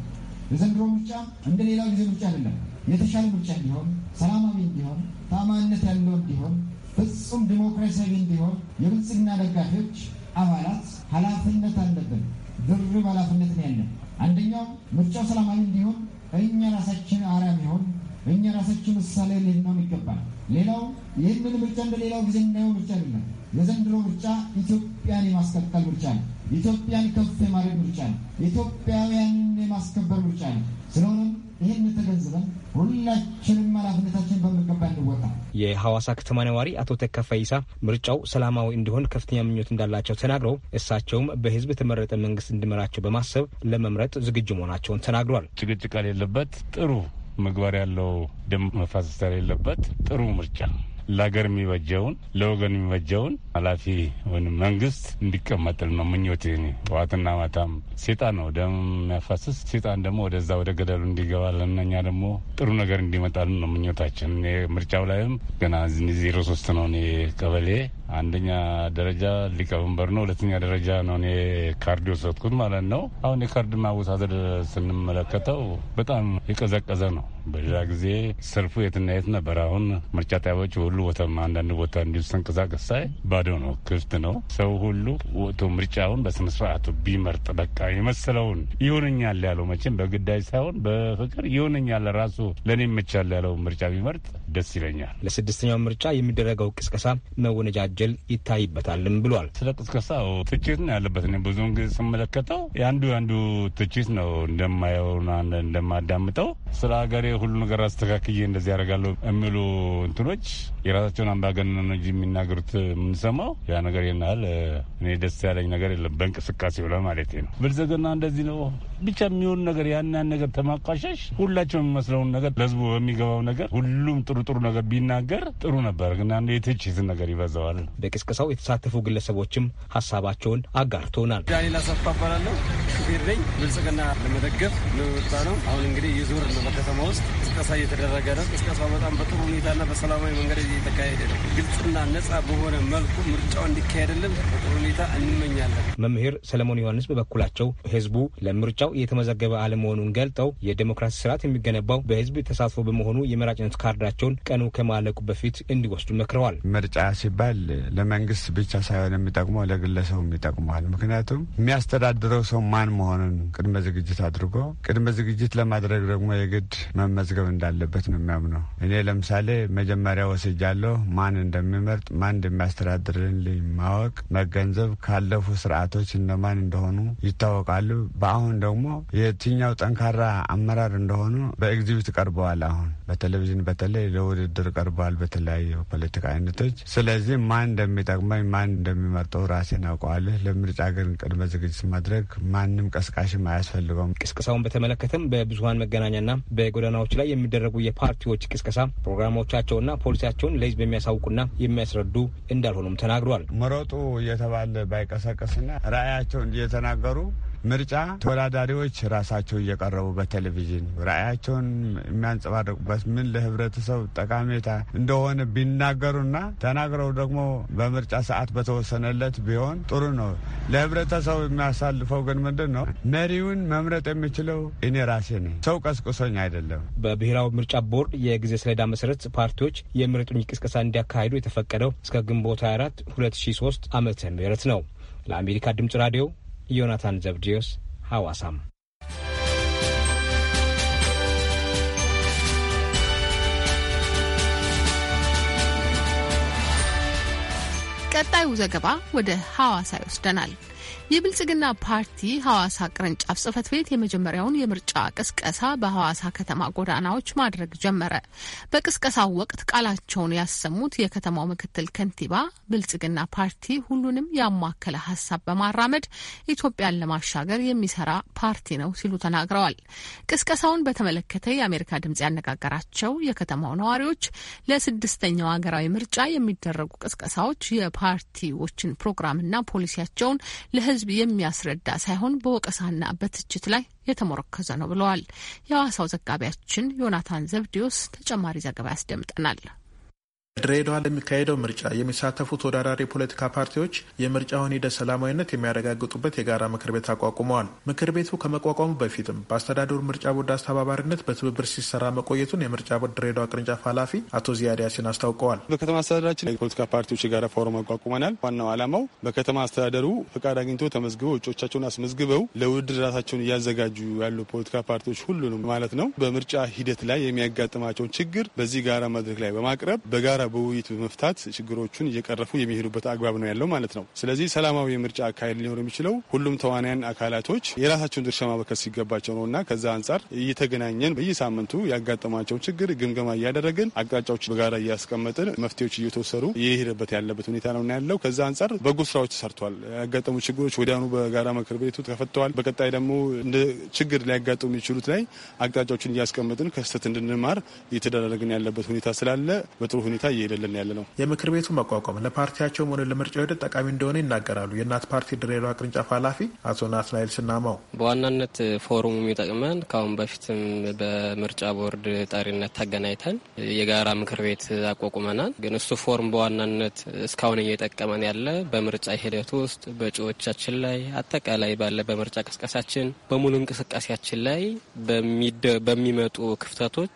የዘንድሮ ምርጫ እንደ ሌላው ጊዜ ምርጫ አይደለም። የተሻለ ምርጫ እንዲሆን፣ ሰላማዊ እንዲሆን፣ ታማኝነት ያለው እንዲሆን፣ ፍጹም ዲሞክራሲያዊ እንዲሆን የብልጽግና ደጋፊዎች አባላት ኃላፊነት አለብን። ድርብ ኃላፊነት ነው ያለን። አንደኛው ምርጫው ሰላማዊ እንዲሆን እኛ ራሳችን አርአያ ይሆን እኛ ራሳችን ምሳሌ ልንሆን ይገባል። ሌላው ይህንን ምርጫ እንደ ሌላው ጊዜ የምናየው ምርጫ አይደለም። የዘንድሮ ምርጫ ኢትዮጵያን የማስቀጠል ምርጫ ነው። ኢትዮጵያን ከፍ የማድረግ ምርጫ ነው። ኢትዮጵያውያንን የማስከበር ምርጫ ነው። ስለሆነም ይህን ተገንዝበን ሁላችንም ኃላፊነታችን በሚገባ እንወጣ። የሐዋሳ ከተማ ነዋሪ አቶ ይሳ ምርጫው ሰላማዊ እንዲሆን ከፍተኛ ምኞት እንዳላቸው ተናግረው እሳቸውም በህዝብ የተመረጠ መንግስት እንዲመራቸው በማሰብ ለመምረጥ ዝግጁ መሆናቸውን ተናግሯል። ጭቅጭቅ የሌለበት ጥሩ ምግባር ያለው ደም መፋሰስ የሌለበት ጥሩ ምርጫ ለሀገር የሚበጀውን ለወገን የሚበጀውን ኃላፊ ወይም መንግስት እንዲቀመጥል ነው ምኞቴ። ዋትና ማታም ሴጣን ነው ደም የሚያፋስስ ሴጣን ደግሞ ወደዛ ወደ ገደሉ እንዲገባ ለነኛ ደግሞ ጥሩ ነገር እንዲመጣልን ነው ምኞታችን። ምርጫው ላይም ገና ዜሮ ሶስት ነው። እኔ ቀበሌ አንደኛ ደረጃ ሊቀመንበር ነው፣ ሁለተኛ ደረጃ ነው እኔ ካርድ የወሰድኩት ማለት ነው። አሁን የካርድ ማወሳደር ስንመለከተው በጣም የቀዘቀዘ ነው። በዛ ጊዜ ሰልፉ የትና የት ነበር። አሁን ምርጫ ጣቢያዎች ሁሉ ቦታ አንዳንድ ቦታ እንዲሁ ተንቀሳቀስ ሳይ ባዶ ነው፣ ክፍት ነው። ሰው ሁሉ ወጥቶ ምርጫውን በስነ ስርዓቱ ቢመርጥ በቃ የመሰለውን ይሆነኛል ያለው መቼም በግዳጅ ሳይሆን በፍቅር ይሆነኛል ራሱ ለእኔ ይመቻል ያለው ምርጫ ቢመርጥ ደስ ይለኛል። ለስድስተኛው ምርጫ የሚደረገው ቅስቀሳ መወነጃጀል ይታይበታልም ብሏል። ስለ ቅስቀሳ ትችት ነው ያለበት። ብዙውን ጊዜ ስመለከተው የአንዱ የአንዱ ትችት ነው እንደማየውና እንደማዳምጠው ስለ ሀገሬ ሁሉ ነገር አስተካክዬ እንደዚህ ያደርጋለሁ የሚሉ እንትኖች የራሳቸውን አምባገነኖች የሚናገሩት የምንሰማው ያ ነገር ይናል። እኔ ደስ ያለኝ ነገር የለም በእንቅስቃሴ ብለ ማለት ነው። ብልጽግና እንደዚህ ነው ብቻ የሚሆን ነገር ያን ያን ነገር ተማቋሸሽ ሁላቸው የሚመስለውን ነገር ለህዝቡ በሚገባው ነገር ሁሉም ጥሩ ጥሩ ነገር ቢናገር ጥሩ ነበር፣ ግን አንድ የትችት ነገር ይበዛዋል። በቅስቀሳው የተሳተፉ ግለሰቦችም ሀሳባቸውን አጋርቶናል። ዳንኤል አሰፋ እባላለሁ። ሹፌር ነኝ። ብልጽግና ለመደገፍ ነው ነው። አሁን እንግዲህ የዞር ነው በከተማ ውስጥ ቅስቀሳ እየተደረገ ነው። ቅስቀሳው በጣም በጥሩ ሁኔታና በሰላማዊ መንገድ እየተካሄደ ነው። ግልጽና ነጻ በሆነ መልኩ ምርጫው እንዲካሄድልን በጥሩ ሁኔታ እንመኛለን። መምህር ሰለሞን ዮሐንስ በበኩላቸው ህዝቡ ለምርጫው እየተመዘገበ አለመሆኑን ገልጠው የዴሞክራሲ ስርዓት የሚገነባው በህዝብ ተሳትፎ በመሆኑ የመራጭነት ካርዳቸውን ቀኑ ከማለቁ በፊት እንዲወስዱ መክረዋል። ምርጫ ሲባል ለመንግስት ብቻ ሳይሆን የሚጠቅመው ለግለሰቡም ይጠቅመዋል። ምክንያቱም የሚያስተዳድረው ሰው ማን መሆኑን ቅድመ ዝግጅት አድርጎ ቅድመ ዝግጅት ለማድረግ ደግሞ የግድ መመዝገብ እንዳለበት ነው የሚያምነው። እኔ ለምሳሌ መጀመሪያ ወስጃለሁ። ማን እንደሚመርጥ ማን እንደሚያስተዳድርልኝ ማወቅ፣ መገንዘብ ካለፉ ስርዓቶች እነማን እንደሆኑ ይታወቃሉ። በአሁን ደግሞ የትኛው ጠንካራ አመራር እንደሆኑ በኤግዚቢት ቀርበዋል። አሁን በቴሌቪዥን በተለይ ለውድድር ቀርበዋል በተለያዩ ፖለቲካ አይነቶች። ስለዚህ ማን እንደሚጠቅመኝ ማን እንደሚመርጠው ራሴን አውቀዋለሁ። ለምርጫ ግን ቅድመ ዝግጅት ማድረግ ማንም ቀስቃሽም አያስፈልገውም። ቅስቅሳውን በተመለከተም በብዙሀን መገናኛና በጎዳና ጎዳናዎች ላይ የሚደረጉ የፓርቲዎች ቅስቀሳ ፕሮግራሞቻቸውና ፖሊሲያቸውን ለህዝብ የሚያሳውቁና የሚያስረዱ እንዳልሆኑም ተናግሯል። ምረጡ የተባለ ባይቀሰቀስና ራዕያቸውን እየተናገሩ ምርጫ ተወዳዳሪዎች ራሳቸው እየቀረቡ በቴሌቪዥን ራዕያቸውን የሚያንጸባርቁበት ምን ለህብረተሰብ ጠቃሜታ እንደሆነ ቢናገሩና ተናግረው ደግሞ በምርጫ ሰዓት በተወሰነለት ቢሆን ጥሩ ነው። ለህብረተሰቡ የሚያሳልፈው ግን ምንድን ነው? መሪውን መምረጥ የሚችለው እኔ ራሴ ነኝ፣ ሰው ቀስቅሶኝ አይደለም። በብሔራዊ ምርጫ ቦርድ የጊዜ ሰሌዳ መሰረት ፓርቲዎች የምረጡኝ ቅስቀሳ እንዲያካሂዱ የተፈቀደው እስከ ግንቦት 24 2003 ዓ ም ነው። ለአሜሪካ ድምጽ ራዲዮ ዮናታን ዘብዲዮስ ሐዋሳም ቀጣዩ ዘገባ ወደ ሐዋሳ ይወስደናል። የብልጽግና ፓርቲ ሐዋሳ ቅርንጫፍ ጽህፈት ቤት የመጀመሪያውን የምርጫ ቅስቀሳ በሐዋሳ ከተማ ጎዳናዎች ማድረግ ጀመረ። በቅስቀሳው ወቅት ቃላቸውን ያሰሙት የከተማው ምክትል ከንቲባ ብልጽግና ፓርቲ ሁሉንም ያማከለ ሀሳብ በማራመድ ኢትዮጵያን ለማሻገር የሚሰራ ፓርቲ ነው ሲሉ ተናግረዋል። ቅስቀሳውን በተመለከተ የአሜሪካ ድምጽ ያነጋገራቸው የከተማው ነዋሪዎች ለስድስተኛው ሀገራዊ ምርጫ የሚደረጉ ቅስቀሳዎች የፓርቲዎችን ፕሮግራምና ፖሊሲያቸውን ለህዝብ ህዝብ የሚያስረዳ ሳይሆን በወቀሳና በትችት ላይ የተሞረከዘ ነው ብለዋል። የሐዋሳው ዘጋቢያችን ዮናታን ዘብዲዮስ ተጨማሪ ዘገባ ያስደምጠናል። በድሬዳዋ ለሚካሄደው ምርጫ የሚሳተፉ ተወዳዳሪ የፖለቲካ ፓርቲዎች የምርጫውን ሂደት ሰላማዊነት የሚያረጋግጡበት የጋራ ምክር ቤት አቋቁመዋል። ምክር ቤቱ ከመቋቋሙ በፊትም በአስተዳደሩ ምርጫ ቦርድ አስተባባሪነት በትብብር ሲሰራ መቆየቱን የምርጫ ቦርድ ድሬዳዋ ቅርንጫፍ ኃላፊ አቶ ዚያድ ያሲን አስታውቀዋል። በከተማ አስተዳደራችን የፖለቲካ ፓርቲዎች የጋራ ፎረም አቋቁመናል። ዋናው ዓላማው በከተማ አስተዳደሩ ፈቃድ አግኝቶ ተመዝግበው እጩዎቻቸውን አስመዝግበው ለውድድር ራሳቸውን እያዘጋጁ ያሉ ፖለቲካ ፓርቲዎች ሁሉንም ማለት ነው በምርጫ ሂደት ላይ የሚያጋጥማቸውን ችግር በዚህ ጋራ መድረክ ላይ በማቅረብ በጋራ በውይይት በመፍታት ችግሮቹን እየቀረፉ የሚሄዱበት አግባብ ነው ያለው ማለት ነው። ስለዚህ ሰላማዊ የምርጫ አካሄድ ሊኖር የሚችለው ሁሉም ተዋናያን አካላቶች የራሳቸውን ድርሻ ማበርከት ሲገባቸው ነው እና ከዛ አንጻር እየተገናኘን በየሳምንቱ ያጋጠማቸውን ችግር ግምገማ እያደረግን አቅጣጫዎች በጋራ እያስቀመጥን መፍትሄዎች እየተወሰዱ እየሄደበት ያለበት ሁኔታ ነው ያለው። ከዛ አንጻር በጎ ስራዎች ተሰርቷል። ያጋጠሙ ችግሮች ወዲያኑ በጋራ ምክር ቤቱ ተፈተዋል። በቀጣይ ደግሞ እንደ ችግር ሊያጋጥሙ የሚችሉት ላይ አቅጣጫዎችን እያስቀመጥን ከስህተት እንድንማር እየተደረግን ያለበት ሁኔታ ስላለ በጥሩ ሁኔታ እየሄደልን ያለ ነው። የምክር ቤቱ መቋቋም ለፓርቲያቸውም ሆነ ለምርጫ ሂደት ጠቃሚ እንደሆነ ይናገራሉ። የእናት ፓርቲ ድሬዳዋ ቅርንጫፍ ኃላፊ አቶ ናትናኤል ስናማው በዋናነት ፎሩሙ የሚጠቅመን ከአሁን በፊትም በምርጫ ቦርድ ጠሪነት ተገናኝተን የጋራ ምክር ቤት አቋቁመናል። ግን እሱ ፎርም በዋናነት እስካሁን እየጠቀመን ያለ በምርጫ ሂደት ውስጥ በእጩዎቻችን ላይ አጠቃላይ ባለ በምርጫ ቅስቀሳችን በሙሉ እንቅስቃሴያችን ላይ በሚመጡ ክፍተቶች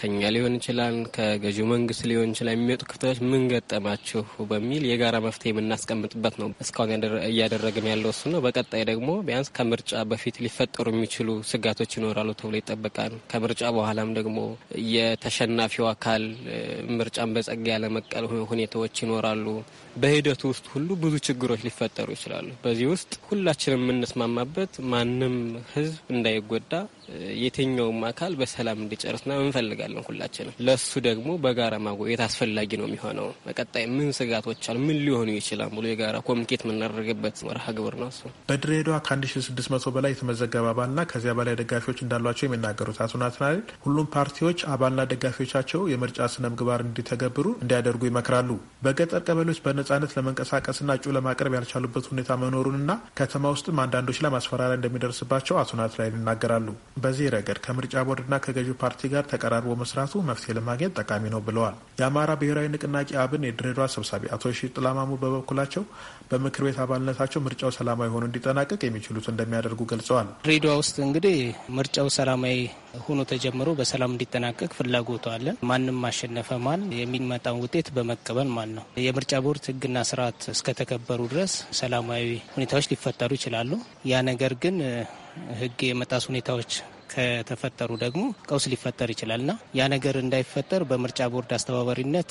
ከኛ ሊሆን ይችላል፣ ከገዢው መንግስት ሊሆን ይችላል የሚወጡ ክፍተቶች ምን ገጠማችሁ በሚል የጋራ መፍትሄ የምናስቀምጥበት ነው። እስካሁን እያደረግም ያለው እሱ ነው። በቀጣይ ደግሞ ቢያንስ ከምርጫ በፊት ሊፈጠሩ የሚችሉ ስጋቶች ይኖራሉ ተብሎ ይጠበቃል። ከምርጫ በኋላም ደግሞ የተሸናፊው አካል ምርጫን በጸጋ ያለመቀል ሁኔታዎች ይኖራሉ። በሂደቱ ውስጥ ሁሉ ብዙ ችግሮች ሊፈጠሩ ይችላሉ። በዚህ ውስጥ ሁላችንም የምንስማማበት ማንም ህዝብ እንዳይጎዳ የትኛውም አካል በሰላም እንዲጨርስና እንፈልጋለን ሁላችንም። ለሱ ደግሞ በጋራ ማጎየት አስፈላጊ ነው የሚሆነው። በቀጣይ ምን ስጋቶች አሉ፣ ምን ሊሆኑ ይችላል ብሎ የጋራ ኮሚኒኬት የምናደርግበት መርሃ ግብር ነው እሱ። በድሬዳዋ ከ1600 በላይ የተመዘገበ አባልና ከዚያ በላይ ደጋፊዎች እንዳሏቸው የሚናገሩት አቶ ናትናኤል ሁሉም ፓርቲዎች አባልና ደጋፊዎቻቸው የምርጫ ስነ ምግባር እንዲተገብሩ እንዲያደርጉ ይመክራሉ። በገጠር ቀበሌዎች በነጻነት ለመንቀሳቀስና እጩ ለማቅረብ ያልቻሉበት ሁኔታ መኖሩንና ከተማ ውስጥም አንዳንዶች ላይ ማስፈራሪያ እንደሚደርስባቸው አቶ ናትናኤል ይናገራሉ። በዚህ ረገድ ከምርጫ ቦርድና ከገዢው ፓርቲ ጋር ተቀራርቦ መስራቱ መፍትሄ ለማግኘት ጠቃሚ ነው ብለዋል። የአማራ ብሔራዊ ንቅናቄ አብን የድሬዳዋ ሰብሳቢ አቶ ሺ ጥላማሙ በበኩላቸው በምክር ቤት አባልነታቸው ምርጫው ሰላማዊ ሆኖ እንዲጠናቀቅ የሚችሉት እንደሚያደርጉ ገልጸዋል። ድሬዳዋ ውስጥ እንግዲህ ምርጫው ሰላማዊ ሆኖ ተጀምሮ በሰላም እንዲጠናቀቅ ፍላጎቱ አለን። ማንም ማሸነፈ ማን የሚመጣውን ውጤት በመቀበል ማን ነው። የምርጫ ቦርድ ህግና ስርዓት እስከተከበሩ ድረስ ሰላማዊ ሁኔታዎች ሊፈጠሩ ይችላሉ። ያ ነገር ግን ህግ የመጣስ ሁኔታዎች ከተፈጠሩ ደግሞ ቀውስ ሊፈጠር ይችላልና ያ ነገር እንዳይፈጠር በምርጫ ቦርድ አስተባባሪነት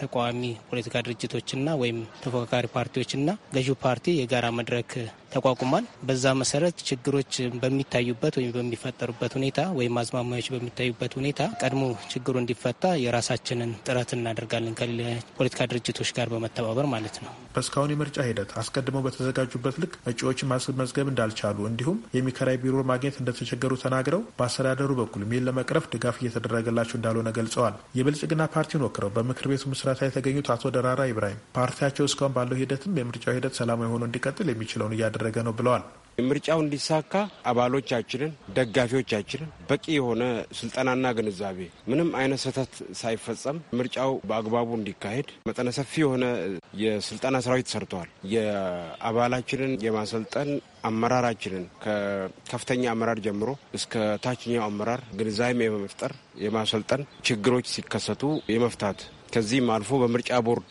ተቃዋሚ ፖለቲካ ድርጅቶችና ወይም ተፎካካሪ ፓርቲዎችና ገዢው ፓርቲ የጋራ መድረክ ተቋቁሟል። በዛ መሰረት ችግሮች በሚታዩበት ወይም በሚፈጠሩበት ሁኔታ ወይም አዝማሚያዎች በሚታዩበት ሁኔታ ቀድሞ ችግሩ እንዲፈታ የራሳችንን ጥረት እናደርጋለን ከፖለቲካ ድርጅቶች ጋር በመተባበር ማለት ነው። በእስካሁን የምርጫ ሂደት አስቀድመው በተዘጋጁበት ልክ እጩዎችን ማስመዝገብ እንዳልቻሉ እንዲሁም የሚከራይ ቢሮ ማግኘት እንደተቸገሩ ተናግረው በአስተዳደሩ በኩል ሚል ለመቅረፍ ድጋፍ እየተደረገላቸው እንዳልሆነ ገልጸዋል። የብልጽግና ፓርቲን ወክረው በምክር ቤቱ ምስ ምስረታ የተገኙት አቶ ደራራ ኢብራሂም ፓርቲያቸው እስካሁን ባለው ሂደትም የምርጫው ሂደት ሰላማዊ ሆኖ እንዲቀጥል የሚችለውን እያደረገ ነው ብለዋል። ምርጫው እንዲሳካ አባሎቻችንን፣ ደጋፊዎቻችንን በቂ የሆነ ስልጠናና ግንዛቤ ምንም አይነት ስህተት ሳይፈጸም ምርጫው በአግባቡ እንዲካሄድ መጠነ ሰፊ የሆነ የስልጠና ስራዊት ሰርተዋል። የአባላችንን የማሰልጠን አመራራችንን ከከፍተኛ አመራር ጀምሮ እስከ ታችኛው አመራር ግንዛቤ የመፍጠር የማሰልጠን ችግሮች ሲከሰቱ የመፍታት ከዚህም አልፎ በምርጫ ቦርድ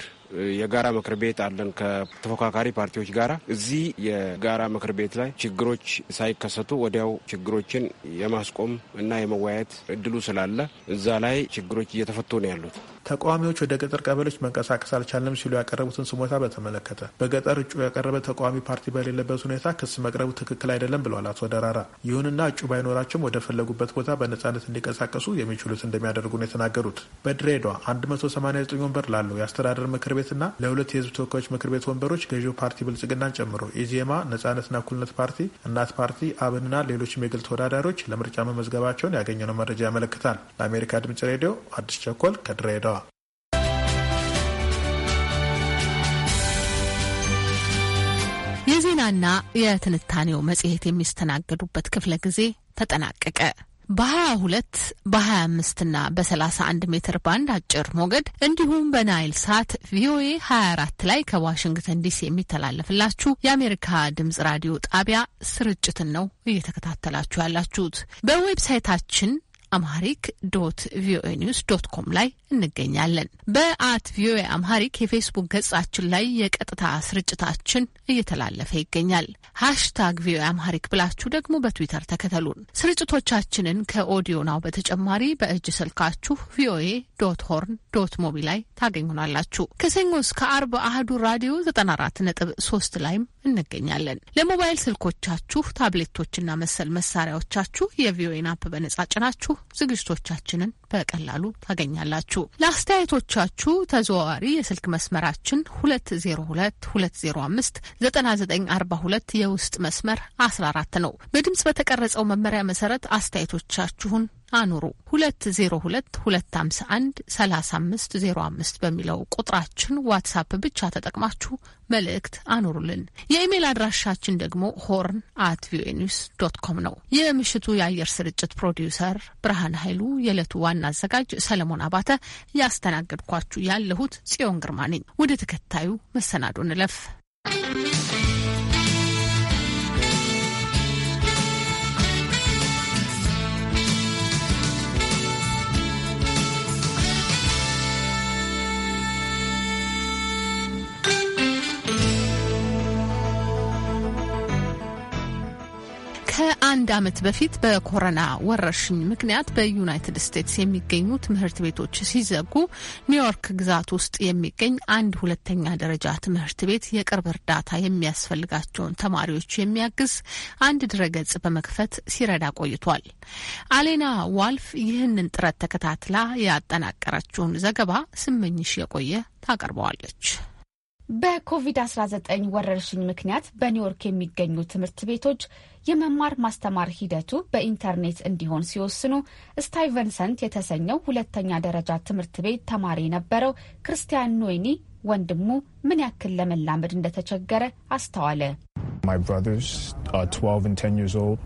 የጋራ ምክር ቤት አለን ከተፎካካሪ ፓርቲዎች ጋራ። እዚህ የጋራ ምክር ቤት ላይ ችግሮች ሳይከሰቱ ወዲያው ችግሮችን የማስቆም እና የመወያየት እድሉ ስላለ እዛ ላይ ችግሮች እየተፈቱ ነው ያሉት። ተቃዋሚዎች ወደ ገጠር ቀበሌዎች መንቀሳቀስ አልቻለም ሲሉ ያቀረቡትን ስሞታ በተመለከተ በገጠር እጩ ያቀረበ ተቃዋሚ ፓርቲ በሌለበት ሁኔታ ክስ መቅረቡ ትክክል አይደለም ብለዋል አቶ ደራራ። ይሁንና እጩ ባይኖራቸውም ወደፈለጉበት ቦታ በነጻነት እንዲንቀሳቀሱ የሚችሉት እንደሚያደርጉ ነው የተናገሩት። በድሬዳዋ 189 ወንበር ላለው የአስተዳደር ምክር ቤትና ለሁለት የህዝብ ተወካዮች ምክር ቤት ወንበሮች ገዢው ፓርቲ ብልጽግናን ጨምሮ ኢዜማ፣ ነጻነትና እኩልነት ፓርቲ፣ እናት ፓርቲ፣ አብንና ሌሎችም የግል ተወዳዳሪዎች ለምርጫ መመዝገባቸውን ያገኘነው መረጃ ያመለክታል። ለአሜሪካ ድምጽ ሬዲዮ አዲስ ቸኮል ከድሬዳዋ ዜናና የትንታኔው መጽሔት የሚስተናገዱበት ክፍለ ጊዜ ተጠናቀቀ። በ22 በ25 እና በ31 ሜትር ባንድ አጭር ሞገድ እንዲሁም በናይል ሳት ቪኦኤ 24 ላይ ከዋሽንግተን ዲሲ የሚተላለፍላችሁ የአሜሪካ ድምጽ ራዲዮ ጣቢያ ስርጭትን ነው እየተከታተላችሁ ያላችሁት። በዌብሳይታችን አማሪክ ዶት ቪኦኤ ኒውስ ዶት ኮም ላይ እንገኛለን። በአት ቪኦኤ አምሃሪክ የፌስቡክ ገጻችን ላይ የቀጥታ ስርጭታችን እየተላለፈ ይገኛል። ሃሽታግ ቪኦኤ አምሃሪክ ብላችሁ ደግሞ በትዊተር ተከተሉን። ስርጭቶቻችንን ከኦዲዮ ናው በተጨማሪ በእጅ ስልካችሁ ቪኦኤ ዶት ሆርን ዶት ሞቢ ላይ ታገኙናላችሁ። ከሰኞ እስከ አርብ አህዱ ራዲዮ 94.3 ላይም እንገኛለን። ለሞባይል ስልኮቻችሁ ታብሌቶችና መሰል መሳሪያዎቻችሁ የቪኦኤን አፕ በነጻ ጭናችሁ ዝግጅቶቻችንን በቀላሉ ታገኛላችሁ። ለአስተያየቶቻችሁ ተዘዋዋሪ የስልክ መስመራችን 2022059942 የውስጥ መስመር 14 ነው። በድምጽ በተቀረጸው መመሪያ መሰረት አስተያየቶቻችሁን አኑሩ 2022513505 በሚለው ቁጥራችን ዋትሳፕ ብቻ ተጠቅማችሁ መልእክት አኑሩልን። የኢሜል አድራሻችን ደግሞ ሆርን አት ቪኦኤ ኒውስ ዶት ኮም ነው። የምሽቱ የአየር ስርጭት ፕሮዲውሰር ብርሃን ኃይሉ፣ የዕለቱ ዋና አዘጋጅ ሰለሞን አባተ፣ ያስተናገድኳችሁ ያለሁት ጽዮን ግርማ ነኝ። ወደ ተከታዩ መሰናዶ እንለፍ። ከአንድ ዓመት በፊት በኮሮና ወረርሽኝ ምክንያት በዩናይትድ ስቴትስ የሚገኙ ትምህርት ቤቶች ሲዘጉ ኒውዮርክ ግዛት ውስጥ የሚገኝ አንድ ሁለተኛ ደረጃ ትምህርት ቤት የቅርብ እርዳታ የሚያስፈልጋቸውን ተማሪዎች የሚያግዝ አንድ ድረገጽ በመክፈት ሲረዳ ቆይቷል። አሌና ዋልፍ ይህንን ጥረት ተከታትላ ያጠናቀረችውን ዘገባ ስመኝሽ የቆየ ታቀርበዋለች። በኮቪድ-19 ወረርሽኝ ምክንያት በኒውዮርክ የሚገኙ ትምህርት ቤቶች የመማር ማስተማር ሂደቱ በኢንተርኔት እንዲሆን ሲወስኑ ስታይቨንሰንት የተሰኘው ሁለተኛ ደረጃ ትምህርት ቤት ተማሪ የነበረው ክርስቲያን ኖይኒ ወንድሙ ምን ያክል ለመላመድ እንደተቸገረ አስተዋለ። My brothers are 12 and 10 years old.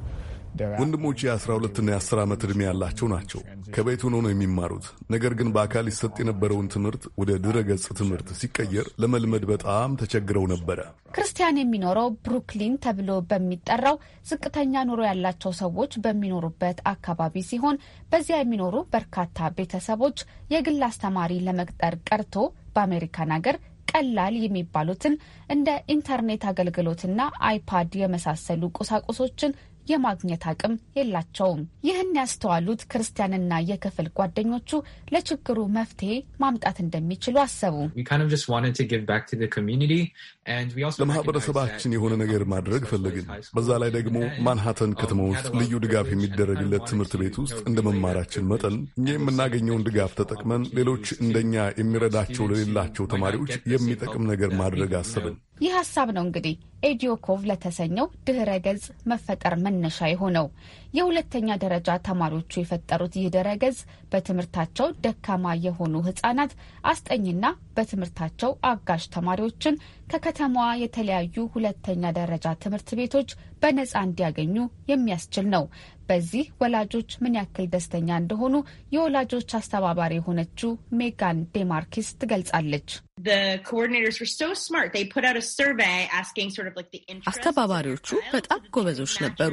ወንድሞቼ የአስራ ሁለትና የአስር ዓመት ዕድሜ ያላቸው ናቸው። ከቤት ሆኖ ነው የሚማሩት። ነገር ግን በአካል ይሰጥ የነበረውን ትምህርት ወደ ድረገጽ ትምህርት ሲቀየር ለመልመድ በጣም ተቸግረው ነበረ። ክርስቲያን የሚኖረው ብሩክሊን ተብሎ በሚጠራው ዝቅተኛ ኑሮ ያላቸው ሰዎች በሚኖሩበት አካባቢ ሲሆን በዚያ የሚኖሩ በርካታ ቤተሰቦች የግል አስተማሪ ለመቅጠር ቀርቶ በአሜሪካን ሀገር ቀላል የሚባሉትን እንደ ኢንተርኔት አገልግሎትና አይፓድ የመሳሰሉ ቁሳቁሶችን የማግኘት አቅም የላቸውም። ይህን ያስተዋሉት ክርስቲያንና የክፍል ጓደኞቹ ለችግሩ መፍትሄ ማምጣት እንደሚችሉ አሰቡ። ለማህበረሰባችን የሆነ ነገር ማድረግ ፈለግን። በዛ ላይ ደግሞ ማንሃተን ከተማ ውስጥ ልዩ ድጋፍ የሚደረግለት ትምህርት ቤት ውስጥ እንደ መማራችን መጠን እኛ የምናገኘውን ድጋፍ ተጠቅመን ሌሎች እንደኛ የሚረዳቸው ለሌላቸው ተማሪዎች የሚጠቅም ነገር ማድረግ አስብን። ይህ ሀሳብ ነው እንግዲህ ኤዲዮኮቭ ለተሰኘው ድኅረ ገጽ መፈጠር መነሻ የሆነው። የሁለተኛ ደረጃ ተማሪዎቹ የፈጠሩት ይህ ድረገጽ በትምህርታቸው ደካማ የሆኑ ህጻናት አስጠኝና በትምህርታቸው አጋዥ ተማሪዎችን ከከተማዋ የተለያዩ ሁለተኛ ደረጃ ትምህርት ቤቶች በነጻ እንዲያገኙ የሚያስችል ነው። በዚህ ወላጆች ምን ያክል ደስተኛ እንደሆኑ የወላጆች አስተባባሪ የሆነችው ሜጋን ዴማርኪስ ትገልጻለች። the coordinators were so smart. They put out a survey asking sort of like the interest. አስተባባሪዎቹ በጣም ጎበዞች ነበሩ።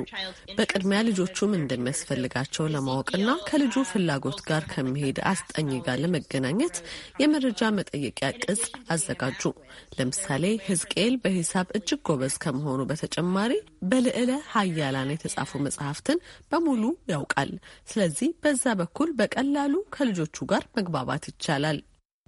በቅድሚያ ልጆቹ ምን እንደሚያስፈልጋቸው ለማወቅና ከልጁ ፍላጎት ጋር ከሚሄድ አስጠኝ ጋር ለመገናኘት የመረጃ መጠየቂያ ቅጽ አዘጋጁ። ለምሳሌ ህዝቅኤል በሂሳብ እጅግ ጎበዝ ከመሆኑ በተጨማሪ በልዕለ ሀያላን የተጻፉ መጽሐፍትን በሙሉ ያውቃል። ስለዚህ በዛ በኩል በቀላሉ ከልጆቹ ጋር መግባባት ይቻላል።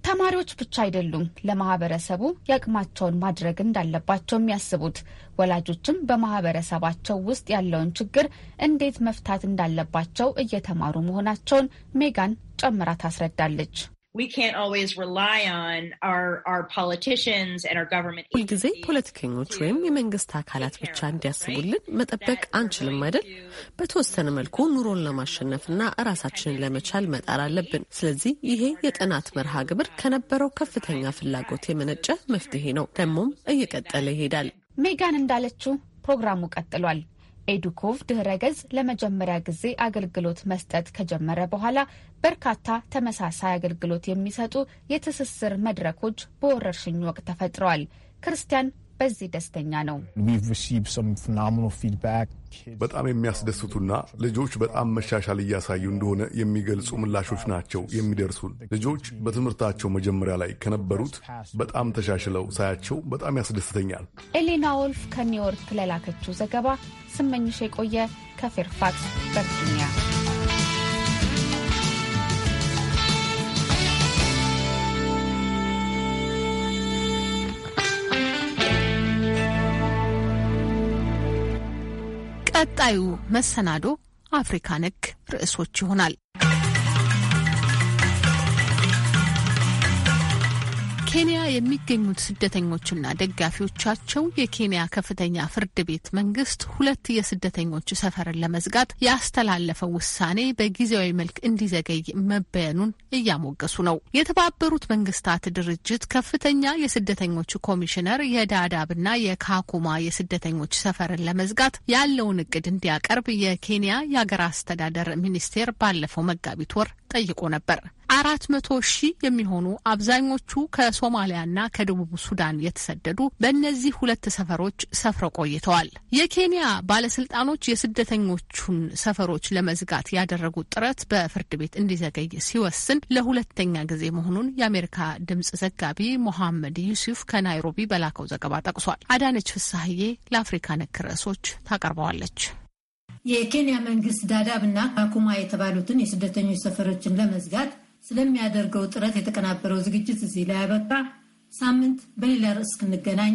ተማሪዎች ብቻ አይደሉም ለማህበረሰቡ የአቅማቸውን ማድረግ እንዳለባቸው የሚያስቡት። ወላጆችም በማህበረሰባቸው ውስጥ ያለውን ችግር እንዴት መፍታት እንዳለባቸው እየተማሩ መሆናቸውን ሜጋን ጨምራ ታስረዳለች። we can't always rely on our, our politicians and our government. ሁልጊዜ ፖለቲከኞች ወይም የመንግስት አካላት ብቻ እንዲያስቡልን መጠበቅ አንችልም አይደል? በተወሰነ መልኩ ኑሮን ለማሸነፍና ራሳችንን ለመቻል መጣር አለብን። ስለዚህ ይሄ የጥናት መርሃ ግብር ከነበረው ከፍተኛ ፍላጎት የመነጨ መፍትሄ ነው፣ ደግሞም እየቀጠለ ይሄዳል። ሜጋን እንዳለችው ፕሮግራሙ ቀጥሏል። ኤዱኮቭ ድህረ ገጽ ለመጀመሪያ ጊዜ አገልግሎት መስጠት ከጀመረ በኋላ በርካታ ተመሳሳይ አገልግሎት የሚሰጡ የትስስር መድረኮች በወረርሽኝ ወቅት ተፈጥረዋል። ክርስቲያን በዚህ ደስተኛ ነው። በጣም የሚያስደስቱና ልጆች በጣም መሻሻል እያሳዩ እንደሆነ የሚገልጹ ምላሾች ናቸው የሚደርሱን። ልጆች በትምህርታቸው መጀመሪያ ላይ ከነበሩት በጣም ተሻሽለው ሳያቸው በጣም ያስደስተኛል። ኤሌና ወልፍ ከኒውዮርክ ለላከችው ዘገባ ስመኝሽ የቆየ ከፌርፋክስ ቨርጂኒያ ቀጣዩ መሰናዶ አፍሪካ ነክ ርዕሶች ይሆናል። ኬንያ የሚገኙት ስደተኞችና ደጋፊዎቻቸው የኬንያ ከፍተኛ ፍርድ ቤት መንግስት ሁለት የስደተኞች ሰፈርን ለመዝጋት ያስተላለፈው ውሳኔ በጊዜያዊ መልክ እንዲዘገይ መበየኑን እያሞገሱ ነው። የተባበሩት መንግስታት ድርጅት ከፍተኛ የስደተኞች ኮሚሽነር የዳዳብና የካኩማ የስደተኞች ሰፈርን ለመዝጋት ያለውን እቅድ እንዲያቀርብ የኬንያ የአገር አስተዳደር ሚኒስቴር ባለፈው መጋቢት ወር ጠይቆ ነበር። አራት መቶ ሺህ የሚሆኑ አብዛኞቹ ከሶማሊያና ከደቡብ ሱዳን የተሰደዱ በእነዚህ ሁለት ሰፈሮች ሰፍረው ቆይተዋል። የኬንያ ባለስልጣኖች የስደተኞቹን ሰፈሮች ለመዝጋት ያደረጉት ጥረት በፍርድ ቤት እንዲዘገይ ሲወስን ለሁለተኛ ጊዜ መሆኑን የአሜሪካ ድምጽ ዘጋቢ ሞሐመድ ዩሱፍ ከናይሮቢ በላከው ዘገባ ጠቅሷል። አዳነች ፍሳህዬ ለአፍሪካ ነክ ርዕሶች ታቀርበዋለች። የኬንያ መንግስት ዳዳብ እና ካኩማ የተባሉትን የስደተኞች ሰፈሮችን ለመዝጋት ስለሚያደርገው ጥረት የተቀናበረው ዝግጅት እዚህ ላይ ያበቃ። ሳምንት በሌላ ርዕስ እስክንገናኝ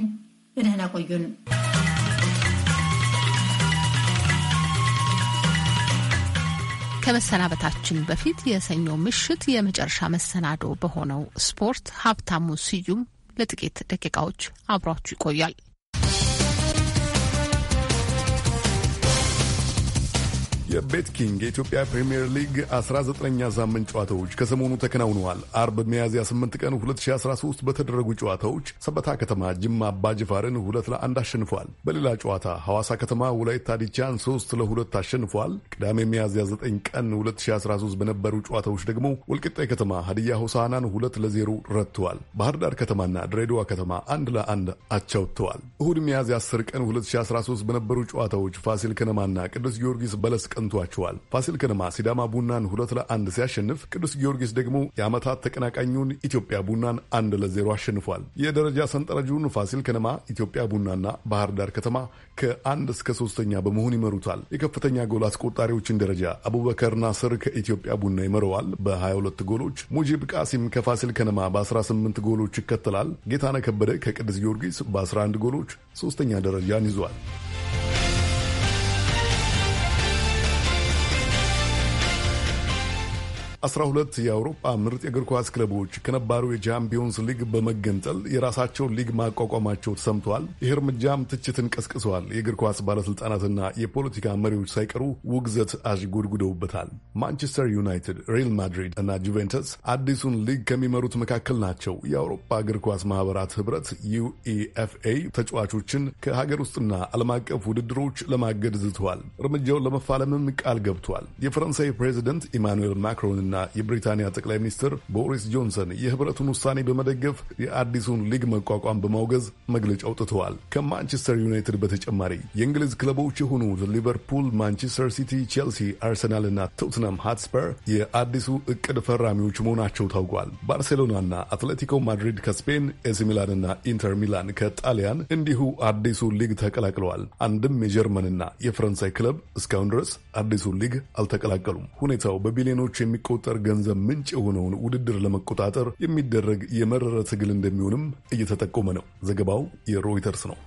በደህና ቆዩን። ከመሰናበታችን በፊት የሰኞ ምሽት የመጨረሻ መሰናዶ በሆነው ስፖርት ሀብታሙ ስዩም ለጥቂት ደቂቃዎች አብሯችሁ ይቆያል። የቤት ኪንግ የኢትዮጵያ ፕሪምየር ሊግ 19ኛ ሳምንት ጨዋታዎች ከሰሞኑ ተከናውነዋል። አርብ ሚያዝያ 8 ቀን 2013 በተደረጉ ጨዋታዎች ሰበታ ከተማ ጅማ አባጅፋርን ሁለት ለአንድ አሸንፏል። በሌላ ጨዋታ ሐዋሳ ከተማ ወላይታ ዲቻን 3 ለሁለት አሸንፏል። ቅዳሜ ሚያዝያ 9 ቀን 2013 በነበሩ ጨዋታዎች ደግሞ ወልቅጤ ከተማ ሀዲያ ሆሳናን ሁለት ለዜሮ ረትተዋል። ባህር ዳር ከተማና ድሬዳዋ ከተማ አንድ ለአንድ አቻውተዋል። እሁድ ሚያዝያ 10 ቀን 2013 በነበሩ ጨዋታዎች ፋሲል ከነማና ቅዱስ ጊዮርጊስ በለስ አቅንቷቸዋል። ፋሲል ከነማ ሲዳማ ቡናን ሁለት ለአንድ ሲያሸንፍ፣ ቅዱስ ጊዮርጊስ ደግሞ የዓመታት ተቀናቃኙን ኢትዮጵያ ቡናን አንድ ለዜሮ አሸንፏል። የደረጃ ሰንጠረጁን ፋሲል ከነማ፣ ኢትዮጵያ ቡናና ባህር ዳር ከተማ ከአንድ እስከ ሶስተኛ በመሆን ይመሩታል። የከፍተኛ ጎል አስቆጣሪዎችን ደረጃ አቡበከር ናስር ከኢትዮጵያ ቡና ይመረዋል በ22 ጎሎች፣ ሙጂብ ቃሲም ከፋሲል ከነማ በ18 ጎሎች ይከተላል። ጌታነህ ከበደ ከቅዱስ ጊዮርጊስ በ11 ጎሎች ሶስተኛ ደረጃን ይዟል። 12 የአውሮፓ ምርጥ የእግር ኳስ ክለቦች ከነባሩ የቻምፒዮንስ ሊግ በመገንጠል የራሳቸውን ሊግ ማቋቋማቸው ተሰምተዋል። ይህ እርምጃም ትችትን ቀስቅሰዋል። የእግር ኳስ ባለሥልጣናትና የፖለቲካ መሪዎች ሳይቀሩ ውግዘት አዥጎድጉደውበታል። ማንቸስተር ዩናይትድ፣ ሪል ማድሪድ እና ጁቬንተስ አዲሱን ሊግ ከሚመሩት መካከል ናቸው። የአውሮፓ እግር ኳስ ማኅበራት ኅብረት ዩኢኤፍኤ ተጫዋቾችን ከሀገር ውስጥና ዓለም አቀፍ ውድድሮች ለማገድ ዝተዋል። እርምጃውን ለመፋለምም ቃል ገብቷል። የፈረንሳይ ፕሬዚደንት ኢማኑኤል ማክሮንና እና የብሪታንያ ጠቅላይ ሚኒስትር ቦሪስ ጆንሰን የህብረቱን ውሳኔ በመደገፍ የአዲሱን ሊግ መቋቋም በማውገዝ መግለጫ አውጥተዋል። ከማንቸስተር ዩናይትድ በተጨማሪ የእንግሊዝ ክለቦች የሆኑት ሊቨርፑል፣ ማንቸስተር ሲቲ፣ ቼልሲ፣ አርሰናል እና ቶትናም ሃትስፐር የአዲሱ እቅድ ፈራሚዎች መሆናቸው ታውቋል። ባርሴሎናና አትሌቲኮ ማድሪድ ከስፔን፣ ኤሲ ሚላንና ኢንተር ሚላን ከጣሊያን እንዲሁ አዲሱ ሊግ ተቀላቅለዋል። አንድም የጀርመንና የፈረንሳይ ክለብ እስካሁን ድረስ አዲሱ ሊግ አልተቀላቀሉም። ሁኔታው በቢሊዮኖች የሚቆ የሚቆጠር ገንዘብ ምንጭ የሆነውን ውድድር ለመቆጣጠር የሚደረግ የመረረ ትግል እንደሚሆንም እየተጠቆመ ነው። ዘገባው የሮይተርስ ነው።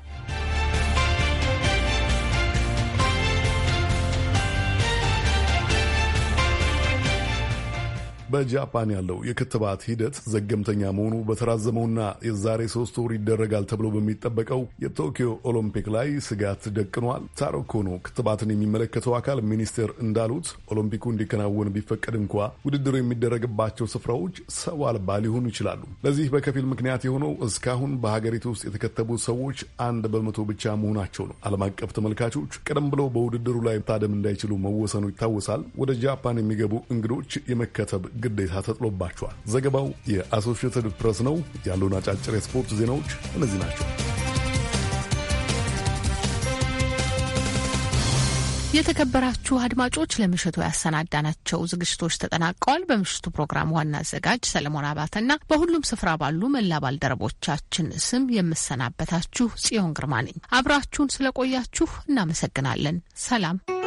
በጃፓን ያለው የክትባት ሂደት ዘገምተኛ መሆኑ በተራዘመውና የዛሬ ሶስት ወር ይደረጋል ተብሎ በሚጠበቀው የቶኪዮ ኦሎምፒክ ላይ ስጋት ደቅኗል። ታሮኮኖ ክትባትን የሚመለከተው አካል ሚኒስቴር እንዳሉት ኦሎምፒኩ እንዲከናወን ቢፈቀድ እንኳ ውድድሩ የሚደረግባቸው ስፍራዎች ሰው አልባ ሊሆኑ ይችላሉ። ለዚህ በከፊል ምክንያት የሆነው እስካሁን በሀገሪቱ ውስጥ የተከተቡ ሰዎች አንድ በመቶ ብቻ መሆናቸው ነው። ዓለም አቀፍ ተመልካቾች ቀደም ብለው በውድድሩ ላይ ታደም እንዳይችሉ መወሰኑ ይታወሳል። ወደ ጃፓን የሚገቡ እንግዶች የመከተብ ግዴታ ተጥሎባቸዋል። ዘገባው የአሶሺየትድ ፕሬስ ነው። ያሉን አጫጭር የስፖርት ዜናዎች እነዚህ ናቸው። የተከበራችሁ አድማጮች ለምሽቱ ያሰናዳናቸው ዝግጅቶች ተጠናቀዋል። በምሽቱ ፕሮግራም ዋና አዘጋጅ ሰለሞን አባተና በሁሉም ስፍራ ባሉ መላ ባልደረቦቻችን ስም የምሰናበታችሁ ጽዮን ግርማ ነኝ። አብራችሁን ስለቆያችሁ እናመሰግናለን። ሰላም።